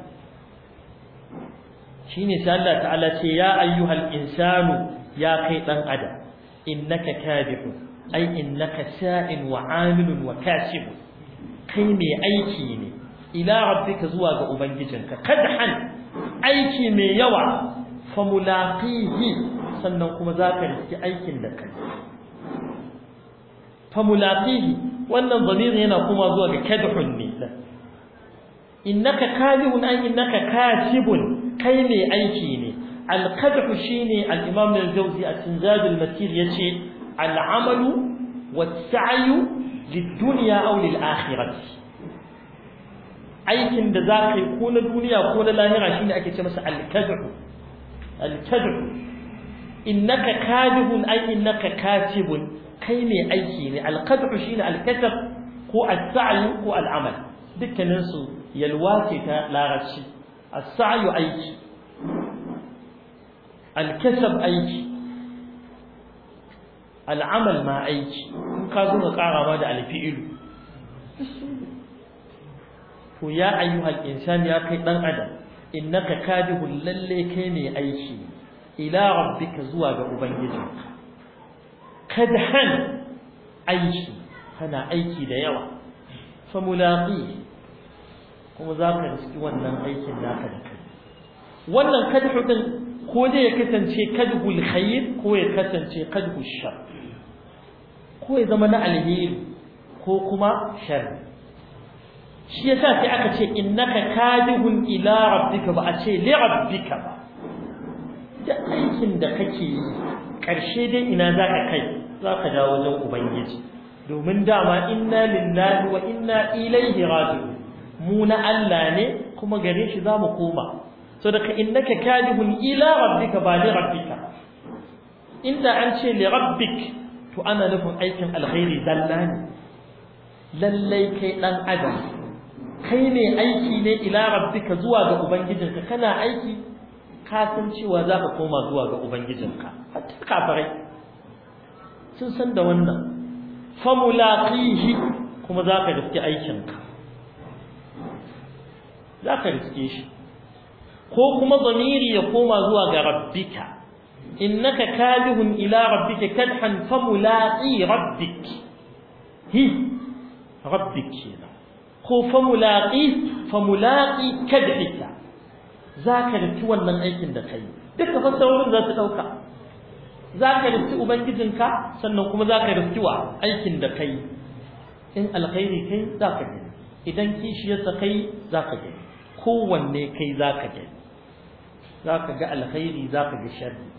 shine sai Allah ta'ala ce ya ayyuhal insanu ya kai dan adam innaka kadihun ai innaka sha'in wa amilun wa kasibun kai mai aiki ne ila rabbika zuwa ga ubangijinka kadhan aiki mai yawa fa mulaqihi sannan kuma zaka riski aikin da kai fa mulaqihi wannan zamiri yana kuma zuwa ga kadhun ne innaka kadhun ay innaka kasibun kai mai aiki ne al kadhu shine al imam al-jawzi a cikin zadul masir yace al'amalu والسعي للدنيا أو للآخرة aikin da za ka yi ko na duniya ko na lahira shi ne ake ce masa alkadu alkadu innaka kadibun ai innaka katibun kai mai aiki ne alkadu shi ne alkatab ko as-sa'yu ko al'amal dukkanin yalwa ce ta larabci as aiki alkasab aiki al'amal ma aiki in ka zo ka kara ma da alfi'ilu to ya ayyuhal insani ya kai dan adam innaka kadihul lalle kai ne aiki ila rabbika zuwa ga ubangiji kadhan aiki kana aiki da yawa fa mulaqi kuma zaka riski wannan aikin naka da kai wannan kadhu din ko dai ya kasance kadhul khair ko ya kasance kadhul shar ko ya zama na alheri ko kuma shar shi yasa sai aka ce innaka kadihun ila rabbika ba a ce li rabbika ba da aikin da kake yi karshe dai ina zaka kai zaka dawo wajen ubangiji domin dama inna lillahi wa inna ilaihi raji'un mu na Allah ne kuma gare shi zamu koma sadaka innaka kadihun ila rabbika ba li rabbika inda an ce li rabbik to ana nufin aikin alkhairi dallani lallai kai dan adam kai ne aiki ne ila rabbika zuwa ga ubangijinka kana aiki ka san cewa za ka koma zuwa ga ubangijinka hatta sun san da wannan famulaqihi kuma za ka riske aikinka za ka riske shi ko kuma zamiri ya koma zuwa ga rabbika innaka kadihun ila rabbika kadhan famulaqi rabbik hi rabbik ko famulaqi famulaqi kadhika zaka rufi wannan aikin da kai duka fasarorin za su dauka zaka rufi ubangijinka sannan kuma zaka rufi wa aikin da kai in alkhairi kai zaka gani idan kishiyarsa kai zaka gani kowanne kai zaka gani zaka ga alkhairi zaka ga sharri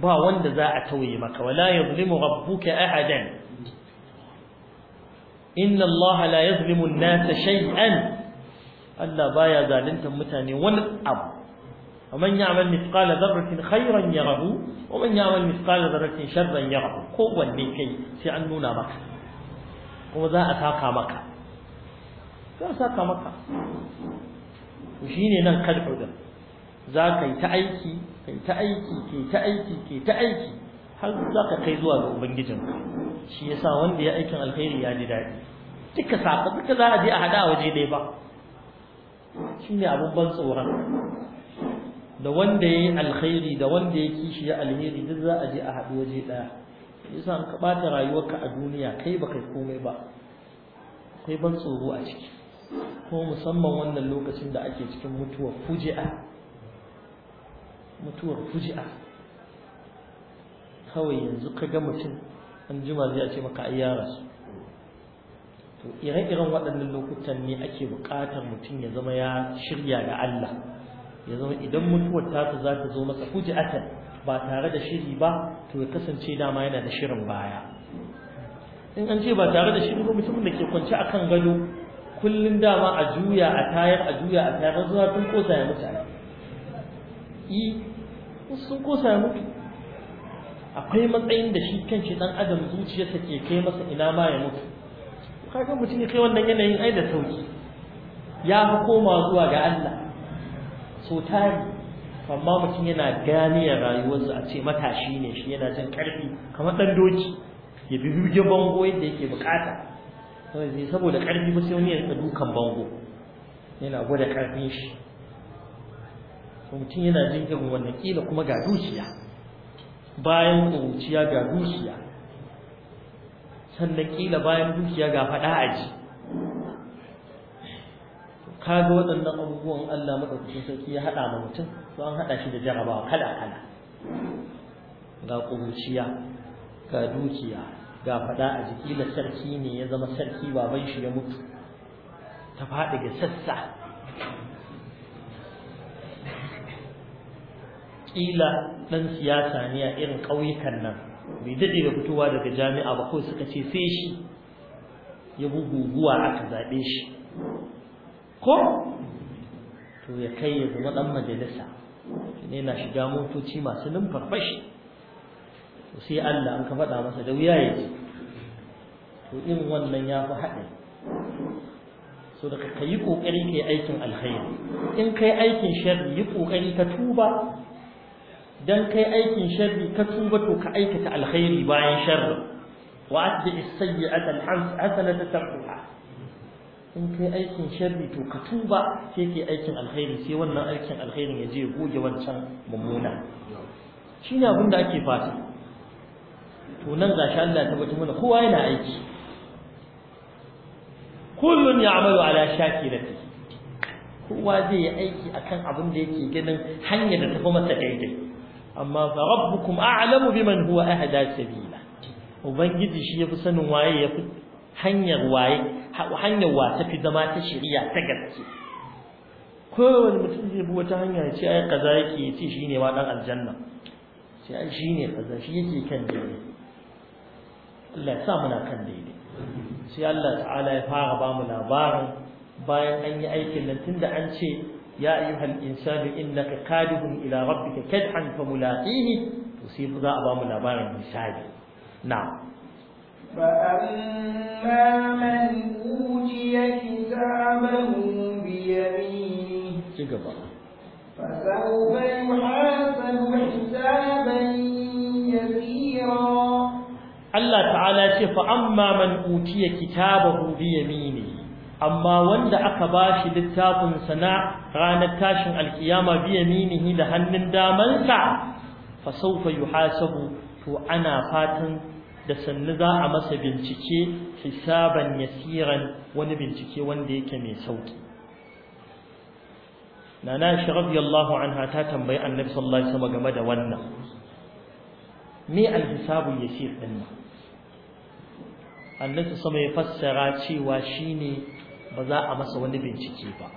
ba wanda za a tauye maka wala yuzlimu rabbuka ahadan inna allaha la yuzlimu an-nasa shay'an Allah baya zalunta mutane wani abu ومن يعمل مثقال ذرة خيرا يره ومن يعمل مثقال ذرة شرا يره قوة لكي سعنونا مكة وذا أساقا مكة ذا أساقا مكة وشيني نان قد حدث za ka yi ta aiki ka yi ta aiki ke ta aiki ke ta aiki har za ka kai zuwa ga ubangijin shi yasa wanda ya aikin alkhairi ya ji daɗi duka saka duka za a je a a waje ɗaya ba shi ne abin ban tsoron da wanda ya yi alkhairi da wanda ya kishi ya alheri duk za a je a haɗu waje ɗaya yasa ka ɓata rayuwarka a duniya kai ba kai komai ba akwai ban tsoro a ciki ko musamman wannan lokacin da ake cikin mutuwar fuji'a mutuwar fuji'a kawai yanzu ka ga mutum an jima zai ce maka ai ya rasu to ire-iren waɗannan lokutan ne ake buƙatar mutum ya zama ya shirya da Allah ya zama idan mutuwar tasa za ta zo masa fuji'atan ba tare da shiri ba to ya kasance dama yana da shirin baya in an ce ba tare da shiri ba mutumin da ke kwance a kan gado kullum dama a juya a tayar a juya a tayar zuwa tun kosa ya mutane sun ko mutu? akwai matsayin da shi shi dan adam zuciyarsa ke kai masa ina ma ya mutu kaga mutum ya kai wannan yanayin ai da sauki ya fi koma zuwa ga Allah so tari amma mutum yana gani ya rayuwarsa a ce matashi ne shi yana jin karfi kamar dan doki ya bi bige bango yadda yake bukata saboda karfi ba sai wani ya dukan bango yana gwada karfin shi mutum yana jin irin wannan kila kuma ga dukiya bayan kuruciya ga dukiya sannan kila bayan dukiya ga faɗa aji kaga waɗannan abubuwan Allah madaukakin sarki ya haɗa ma mutum to an haɗa shi da jarabawa kala kala ga kuruciya ga dukiya ga faɗa a jiki sarki ne ya zama sarki baban shi ya mutu ta faɗi ga sassa kila dan siyasa ne a irin ƙauyukan nan bai daɗe da fitowa daga jami'a ba ko suka ce sai shi ya guguwa aka zaɓe shi ko to ya kai ya zama ɗan majalisa ne na shiga motoci masu numfarfashi to sai Allah an ka faɗa masa da wuya ya to irin wannan ya fi haɗe so da ka yi ƙoƙari aikin alkhairi in kai aikin sharri yi ƙoƙari ka tuba dan kai aikin sharri ka tuba to ka aikata alkhairi bayan sharri wa atbi as-sayyi'ata al-hasanata tarkuha in kai aikin sharri to ka tuba sai kai aikin alkhairi sai wannan aikin alkhairin ya je goge wancan mummuna shine abin da ake fata to nan gashi Allah ta bata mana kowa yana aiki kullun ya'malu ala shakirati kowa zai yi aiki akan abin da yake ganin hanyar da ta tafi masa daidai amma fa rabbukum a'lamu biman huwa ahda sabila ubangiji shi yafi sanin waye yafi hanyar waye hanyar wa tafi zama ta shari'a ta gaske kowane mutum zai bi wata hanya ya ce ai kaza yake ya ce shi ne ma dan aljanna sai ai shine kaza shi yake kan daidai Allah ya sa muna kan daidai sai Allah ta'ala ya fara ba mu labarin bayan an yi aikin nan tunda an ce ya ayyuhal insanu innaka kadihun ila rabbika kadhan famulaqihi to sai za a ba mu labarin misali na'am
فأما من أوتي كتابه بيمينه
فسوف يحاسب حسابا
يسيرا
Allah ta'ala ce fa amma man utiya kitabahu bi yamin amma wanda aka ba shi littafin sana ranar tashin alkiyama biya minihi da hannun damansa fa saufa yuhasabu to ana fatan da sannu za a masa bincike hisaban yasiran wani bincike wanda yake mai sauki nana shi radiyallahu anha ta tambayi annabi sallallahu alaihi wasallam game da wannan me alhisabu yasir din nan annabi sama ya fassara cewa shine ba za a masa wani bincike ba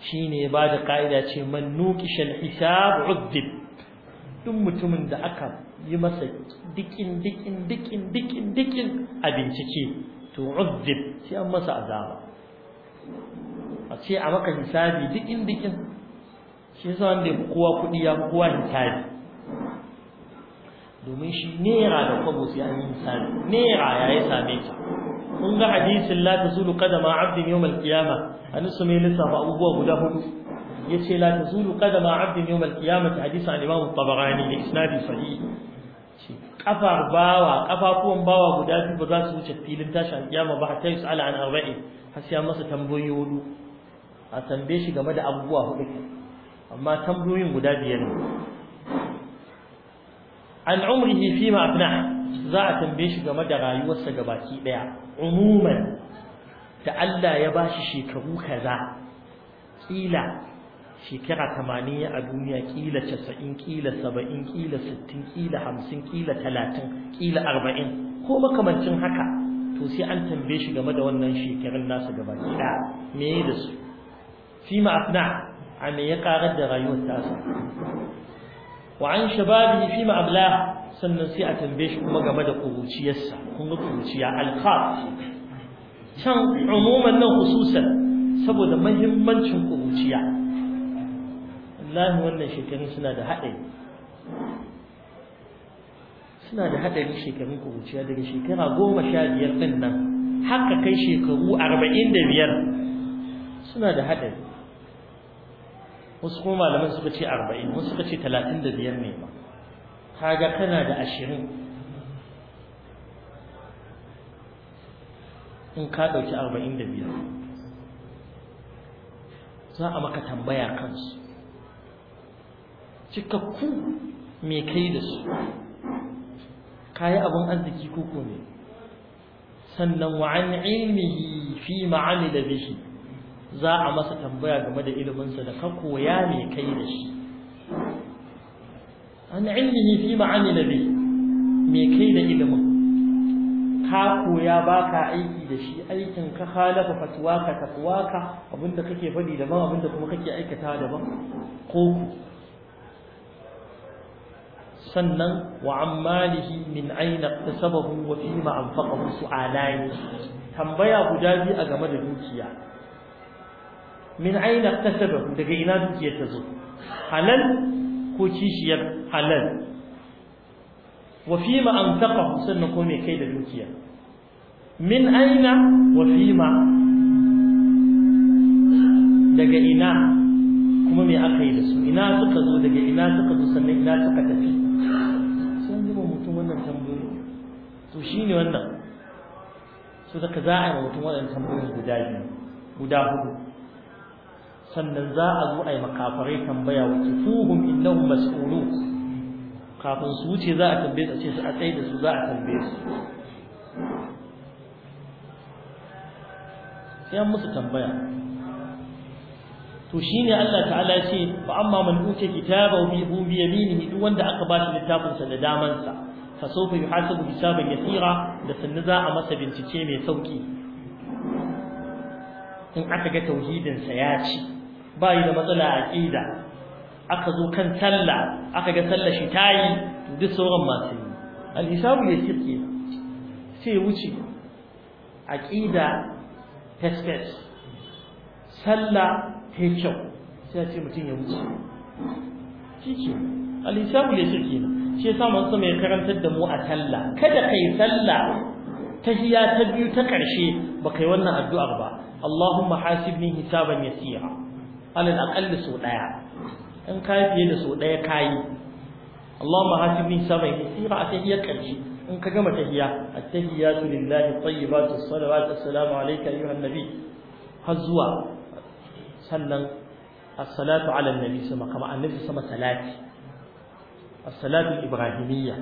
shine ba da ka'ida ce man nuqishal hisab uddib duk mutumin da aka yi masa dikin dikin dikin dikin dikin a bincike to uddib sai an masa azaba a ce a maka hisabi dikin dikin shi yasa wanda ya kowa kuɗi ya kowa hisabi domin shi nera da kwabo sai an yi misali. nera ya yi same ta kun ga hadisin la tazulu qadama abdin yawm al-qiyamah an sumi lissafa abubuwa guda hudu yace la tazulu qadama abdin yawm al-qiyamah hadisi an imam at-tabarani da isnadi sahih kafar bawa kafafuwan bawa guda biyu ba za su wuce filin tashi al-qiyamah ba hatta yus'ala an arba'in har sai masa tambayoyi hudu a tambaye shi game da abubuwa hudu amma tambayoyin guda biyar ne an umrihi fima afna za a tambaye shi game da rayuwarsa gabaki daya umuman da Allah ya bashi shekaru kaza kila shekara tamanin a duniya kila casa'in kila saba'in kila sittin kila hamsin kila talatin kila arba'in ko makamancin haka to sai an tambaye shi game da wannan shekarun nasu gaba ɗaya me da su fi ma'afna a me ya karar da rayuwar tasa wa an shababi fi ma'abla sannan sai a tambaye shi kuma game da kuruciyarsa kun ga kuruciya alkhas can umuman nan hususan saboda mahimmancin kuruciya wallahi wannan shekarun suna da haɗari suna da haɗari shekarun kuruciya daga shekara goma sha biyar ɗin nan haka kai shekaru arba'in da biyar suna da haɗari wasu kuma malaman suka ce arba'in wasu suka ce talatin da biyar ne ba. kaga kana da ashirin in ka ɗauki arba'in da biyar za a maka tambaya kansu cikakku me kai da su ka yi abin arziki koko ne sannan wa'an ilmihi fi ma'amila bihi za a masa tambaya game da iliminsa da ka koya me kai da shi an ilmihi fi ma'ani nabi me kai da ilimin ka koya baka aiki da shi aikin ka halafa fatuwa ka tafuwa ka abinda kake faɗi daban abinda kuma kake aikata daban ko ku sannan wa ammalihi min aina iktasabahu wa fi ma anfaqahu su'alani tambaya guda biyu a game da dukiya min aina iktasabahu daga ina dukiya ta zo halal ko kishiyar halal wa fi ma amsaka sannan ko mai kai da dukiya min aina wa fi ma daga ina kuma me aka yi da su ina suka zo daga ina suka zo sannan ina suka tafi sun zuba mutum wannan tambayoyi to shi ne wannan so daga za a yi mutum wannan tambayoyi guda biyu guda hudu sannan za a zo a yi makafarai tambaya wa tufuhum innahum mas'ulu kafin su wuce za a tambaye su a ce su a tsaye da su za a tambaye su sai an musu tambaya to shi ne Allah ta'ala ce fa amma man uce kitabahu bi bi yaminihi duk wanda aka ba shi littafin sa da daman sa fa sawfa yuhasabu hisaban yasira da sannu za a masa bincike mai sauki in aka ga tauhidin sa ya ci ba yi da matsala a ƙida. aka zo kan sallah aka ga sallah shi ta yi, duk sauran masu yi al ya sirke sai wuce A ƙida test sallah ta kyau sai a ce mutum ya wuce kike al ya sirke na, shi ya samu so mai karantar da mu a sallah kada kai sallah tahiyya ta biyu ta ba ka yi wannan addu'ar ba Allahumma hasibni hisaban yasira alal aqalli sau daya in ka fiye da so daya kai Allahumma hasibni sab'in sira a tahiyya karshe in ka gama tahiyya at-tahiyyatu lillahi tayyibatu salawatu assalamu alayka nabi har zuwa sannan as-salatu ala nabi sama kama annabi sama salati as-salatu ibrahimiyya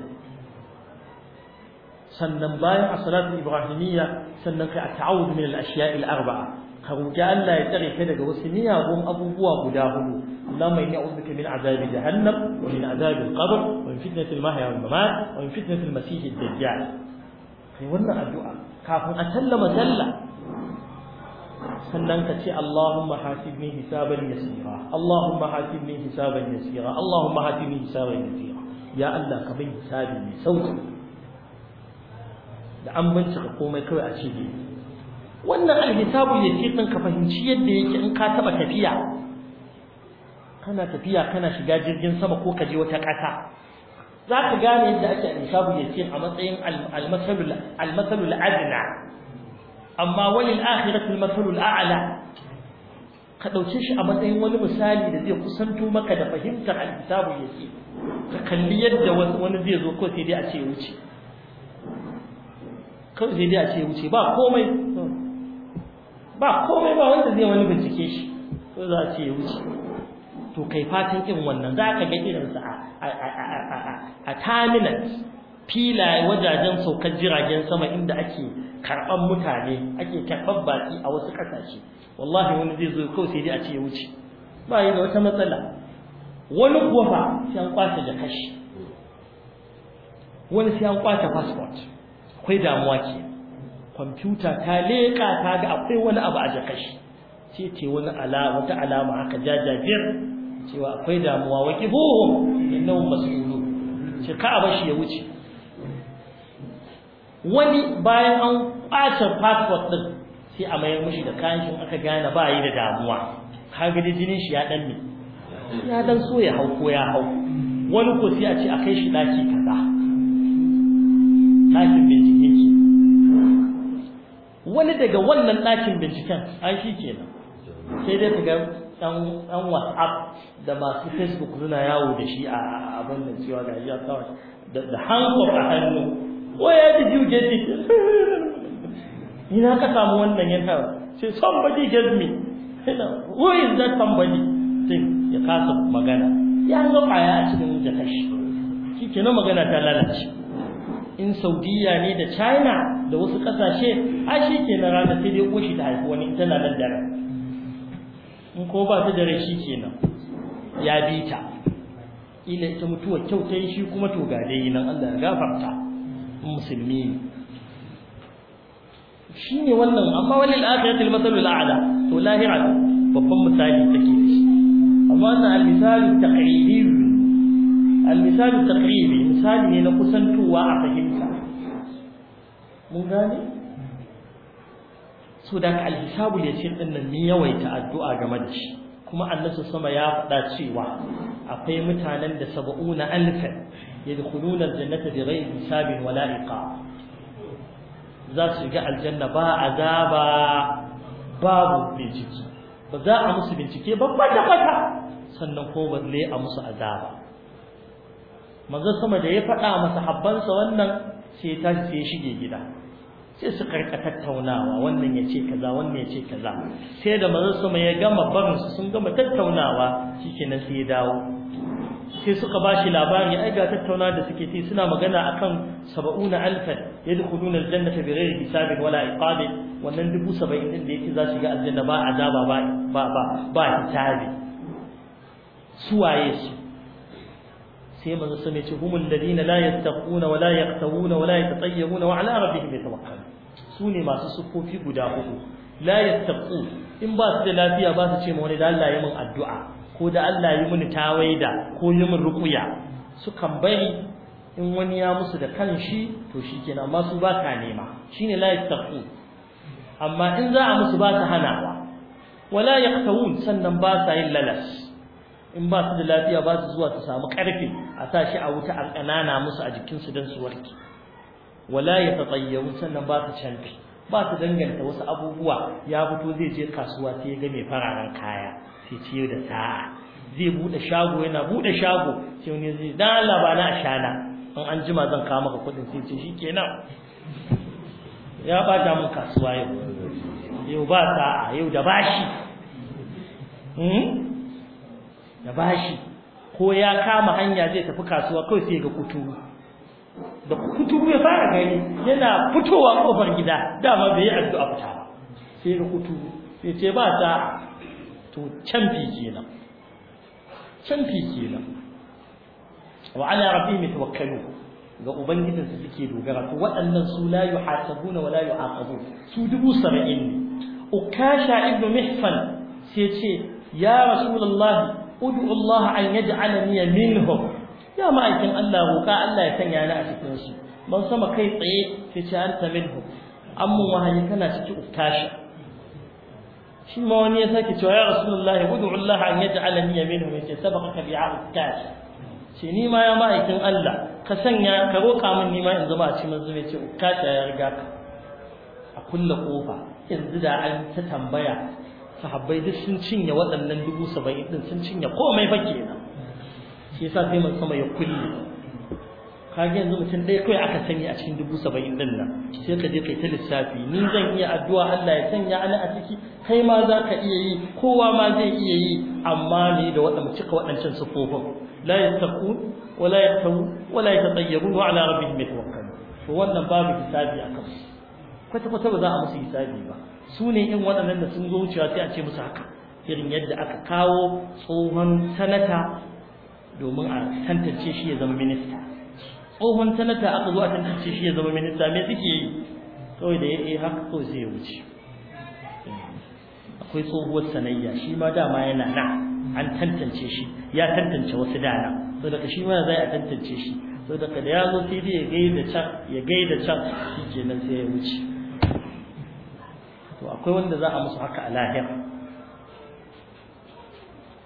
sannan bayan as-salatu ibrahimiyya sannan kai at-ta'awud min al al-arba'a ka roki Allah ya tsare ka daga wasu miyagun abubuwa guda hudu Allahumma inni a'udhuka min azabi jahannam wa min azabi al-qabr wa min fitnati al-mahya wal mamat wa min fitnati al-masih ad-dajjal kai wannan addu'a kafin a sallama sallah sannan ka ce Allahumma hasibni hisaban yasira Allahumma hasibni hisaban yasira Allahumma hasibni hisaban yasira ya Allah ka bin hisabi mai sauki da an bincika komai kawai a cikin wannan alhisabu ya ce ka fahimci yadda yake in ka taɓa tafiya kana tafiya kana shiga jirgin sama ko ka je wata ƙasa za ka gane yadda ake alhisabu ya ce a matsayin almasalul adna amma wani al'akhiratul masalul a'ala ka ɗauke shi a matsayin wani misali da zai kusanto maka da fahimtar alhisabu ya ce ka kalli yadda wani zai zo ko sai dai a ce wuce kawai sai dai a ce wuce ba komai ba komai ba wanda zai wani bincike shi to za ce ya wuce to kai fatan irin wannan za ka ga irin sa a terminal fila wajajen saukar jiragen sama inda ake karban mutane ake karban baki a wasu kasashe wallahi wani zai zo kawai sai dai a ce ya wuce ba yi da wata matsala wani kuwa ba sai an kwace da kashi wani sai an kwace passport akwai damuwa ke kwamfuta ta leƙa ta ga akwai wani abu a jakashi sai ce wani alama wata alama haka jajajir cewa akwai damuwa wa kibuhum innahum mas'ulu ce ka bashi ya wuce wani bayan an kwace passport ɗin sai a mayar mishi da kayan shi aka gane ba yi da damuwa ka da jinin shi ya dan ne ya dan so ya hau ko ya hau wani ko sai a ce a kai shi daki kaza dakin wani daga wannan ɗakin binciken an shi nan, sai dai ta ga ɗan whatsapp da masu facebook suna yawo da shi a abin da cewa ga ya kawai da hankok a hannu where did you get it ina ka samu wannan yana sai somebody get me who is that somebody thing ya kasa magana ya ga kwaya a cikin jakashi shi kenan magana ta lalace in saudiya ne da china da wasu kasashe a shi ke na rana sai dai koshi ta haifi wani tana nan da in ko ba ta da shi ke nan ya bi ta ila ita mutuwa kyautai shi kuma to ga dai nan allah ya gafarta musulmi ne shi ne wannan amma wani al'akiratul matsalul a'ala to lahira babban misali take da shi amma wannan al-misalu taqribi al-misalu taqribi misali ne na kusantuwa a fahimta mun gane so da ka al-hisabu yasir din nan ni yawaita addu'a game da shi kuma Allah sama ya faɗa cewa akwai mutanen da sab'una alfan yadkhuluna al-jannata bighayri hisabin wala iqab za su ga aljanna ba azaba babu bincike ba za a musu bincike ba da kwata sannan ko balle a musu azaba manzo sama da ya faɗa masa habbansa wannan sai ta sai shige gida sai su karka tattaunawa wannan ya ce kaza wannan ya ce kaza sai da manzo sama ya gama barin su sun gama tattaunawa shikenan sai ya dawo sai suka ba bashi labari ai ga tattauna da suke sai suna magana akan 70 alfan yadkhuluna aljannata bighairi hisabin wala iqabin wannan 70 din da yake za shiga aljanna ba azaba ba ba ba hisabi suwaye su sai manzo sun ce humul ladina la yattaquna wa la yaqtawuna wa la yatatayyaruna wa ala rabbihim yatawakkalun sune masu sufofi guda uku. la yattaqu in ba su da lafiya ba su ce ma wani da Allah ya min addu'a ko da Allah ya min tawaida ko ya min ruqya kan bari in wani ya musu da kanshi to shikenan amma su ba ka nema shine la yattaqu amma in za a musu ba su hanawa wala yaqtawun sannan ba sa yin lalas in ba su da lafiya ba su zuwa su samu karfi a sa shi a wuta a ƙanana musu a jikinsu don su warke wala ya tsayyau sannan ba su canfi ba su danganta wasu abubuwa ya fito zai je kasuwa sai ya ga mai fararen kaya sai ciyar da sa'a zai bude shago yana buɗe shago sai wani zai da Allah ba na ashana in an jima zan kawo maka kuɗin sai ce shikenan ya ɓata mun kasuwa yau yau ba sa'a yau da bashi hmm? da bashi ko ya kama hanya zai tafi kasuwa kai sai ga kuturu da kuturu ya fara gani yana fitowa kofar gida dama bai yi addu'a fita ba sai ga kuturu sai ce ba ta to can fi kenan fi kenan wa ala rabbihim yatawakkalun ga ubangijin su suke dogara to waɗannan su la yuhasabuna wa la yuaqabu su dubu saba'in ukasha ibnu mihfan sai ce ya rasulullahi ud'u Allah an yaj'alani minhum ya ma'aikin Allah roka Allah ya sanya ni a cikin su ban sama kai tsaye fi ta minhum amma wahayi kana cikin tashi shi ma wani ya sake cewa ya rasulullahi ud'u Allah an yaj'alani minhum yace sabaqaka bi'a'at tashi ce ni ma ya ma'aikin Allah ka sanya ka roka min ni ma in zama a cikin zuwa ce ukata ya riga ka a kulle kofa yanzu da an ta tambaya sahabbai duk sun cinye waɗannan dubu saba'in ɗin sun cinye komai fa nan, shi yasa sai mun sama ya kulle kage yanzu mutum ɗaya kawai aka sani a cikin dubu saba'in din nan sai ka je kai ta lissafi ni zan iya addu'a Allah ya sanya ana a ciki kai ma za ka iya yi kowa ma zai iya yi amma ne da waɗanda cika waɗancan sufofin la yattaqun wa la yattawu wa la yatayyarun wa ala rabbihim yatawakkalun to wannan babu hisabi akan su kwata kwata ba za a musu hisabi ba su ne in waɗannan da sun zo wucewa sai a ce musu haka irin yadda aka kawo tsohon sanata domin a tantance shi ya zama minista tsohon sanata aka zo a tantance shi ya zama minista me suke yi kawai da ya yi haka kawai sai ya wuce akwai tsohuwar sanayya shi ma dama yana na an tantance shi ya tantance wasu dana daga shi ma za a tantance shi daga da ya zo sai ya gaida can ya gaida can shi kenan sai ya wuce to akwai wanda za a musu haka a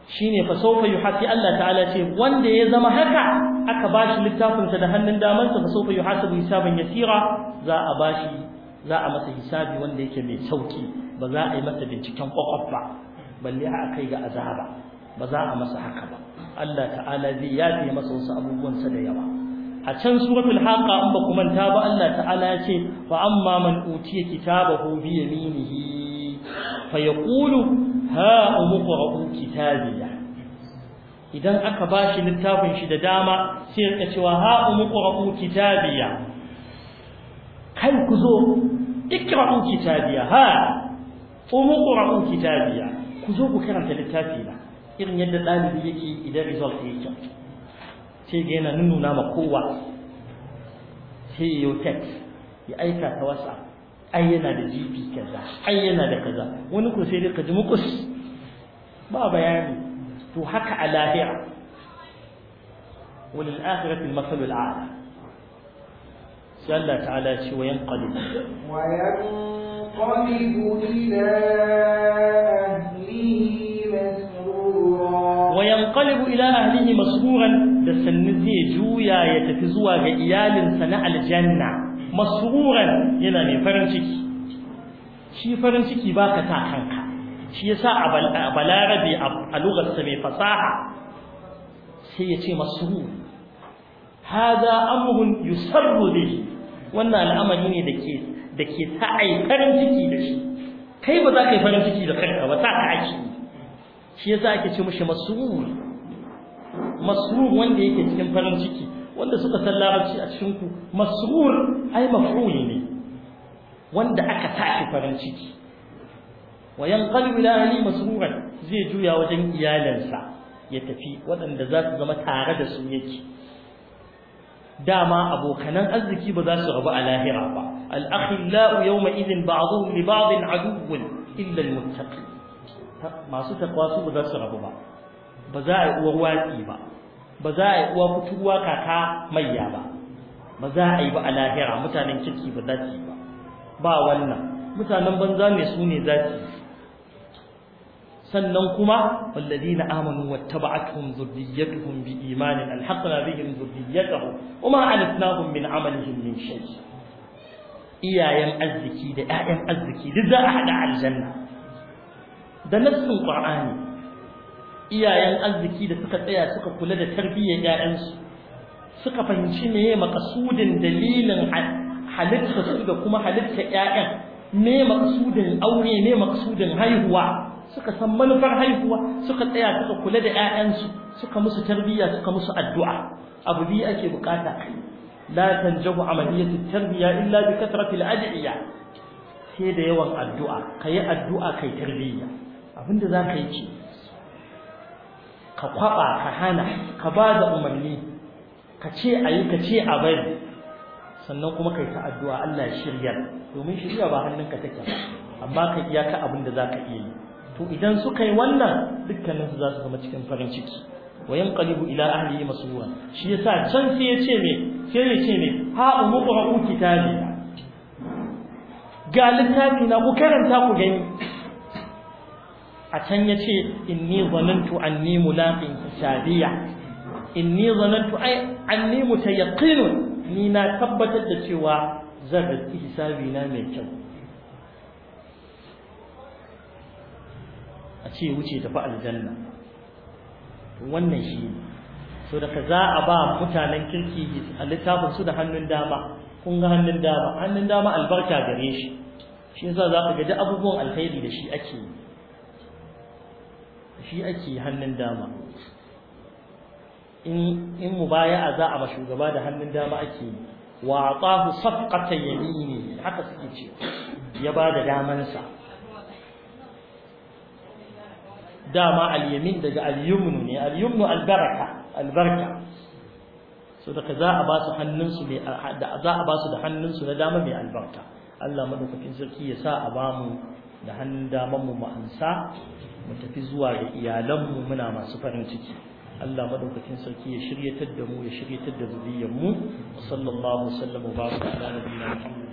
shi ne fa sawfa yuhasi Allah ta'ala ce wanda ya zama haka aka bashi littafinsa da hannun damarsa fa sawfa yuhasabu hisabin yasira za a bashi za a masa hisabi wanda yake mai sauki ba za a yi masa binciken kwakwaf ba balle a kai ga azaba ba za a masa haka ba Allah ta'ala zai yafe masa wasu abubuwansa da yawa a can suratul haqa an ba kuma ta ba Allah ta'ala ya ce fa amma man utiya kitabahu bi yaminihi fa yaqulu ha umqra'u kitabiya idan aka bashi littafin shi da dama sai ya cewa ha umqra'u kitabiya kai ku zo ikra'u kitabiya ha umqra'u kitabiya ku zo ku karanta littafi na irin yadda ɗalibi yake idan result yake sai ga yana nuna ma kowa sai ya yi text ya aika ta wasa ai yana da gb kaza ai yana da kaza wani ku sai dai ka ji mukus ba bayani to haka a lahira walil akhirati al-masalul a'la sai Allah ta'ala ya ce wa yanqalibu wa
yanqalibu ila ahlihi masrura wa yanqalibu ila ahlihi masruran
da sannu zai juya ya tafi zuwa ga iyalinsa na aljanna masruran yana mai farin ciki shi farin ciki baka ta kanka shi yasa a balarabe a lugarsa mai fasaha sai ya ce masrur hada amrun yusarru bihi wannan al'amari ne dake dake ta ai farin ciki da shi kai ba za ka yi farin ciki da kanka ba ta ka ake shi yasa ake ce mishi masrur masrur wanda yake cikin farin ciki wanda suka san larabci a cikin ku masrur ai maf'ul ne wanda aka tashi farin ciki wa yanqalibu ila ahli masruran zai juya wajen iyalansa ya tafi waɗanda za su zama tare da su yake dama abokanan arziki ba za su rabu a lahira ba al-akhillau yawma idhin ba'dhum li ba'dhin aduwwun illa al-muttaqin masu takwa su ba za su rabu ba ba za a yi uwar watsi ba ba za a yi uwa fituwa kaka mayya ba ba za a yi ba a lahira mutanen kirki ba za su ba ba wannan mutanen banza ne su ne za sannan kuma walladina amanu wattaba'atuhum dhurriyyatuhum biimanin min min iyayen arziki da ƴaƴan arziki duk za a haɗa aljanna da nassin qur'ani iyayen arziki da suka tsaya suka kula da tarbiyyar ƴaƴansu suka fahimci meye makasudin dalilin halitta su da kuma halitta ƴaƴan me makasudin aure me makasudin haihuwa suka san manufar haihuwa suka tsaya suka kula da ƴaƴansu suka musu tarbiyya suka musu addu'a abu biyu ake bukata kai la tanjahu amaliyatu tarbiyya illa bi kasratil ad'iya sai da yawan addu'a kai addu'a kai tarbiyya abinda za ka yi ce ka kwaba ka hana ka ba da umarni ka ce a yi ka ce a bari sannan kuma kai ta addu'a Allah shirya domin shirya ba hannunka take ba amma ka iya ka abin da zaka iya yi to idan suka yi wannan dukkanin su za su zama cikin farin ciki wa yanqalibu ila ahlihi masruwa shi yasa can sai ya ce me sai ya ce me ha umuqra'u kitabi ga littafi na ku karanta ku gani a can ya ce inni zanantu anni mulaqin hisabiya inni zanantu ai anni mutayaqqinun ni na tabbatar da cewa zan riski hisabi na mai kyau a ce wuce tafi aljanna wannan shi ne so da za a ba mutanen kirki a littafin su da hannun dama kun ga hannun dama hannun dama albarka gare shi shi yasa za ka gaji abubuwan alkhairi da shi ake yi shi ake hannun dama in in mubaya'a za a ma shugaba da hannun dama ake yi wa atahu safqata yamini haka suke ce ya bada daman sa dama al-yamin daga al-yumnu ne al-yumnu al-baraka al-baraka so da za a ba su hannun su ne za a ba su da hannun su na dama mai albarka Allah madaukakin sarki ya sa a ba mu da hannun damar mu mu ansa mu tafi zuwa ga iyalanmu muna masu farin ciki Allah madaukakin sarki ya
shiryatar da mu ya shiryatar da zuriyarmu sallallahu alaihi wa sallam baraka ala nabiyina Muhammad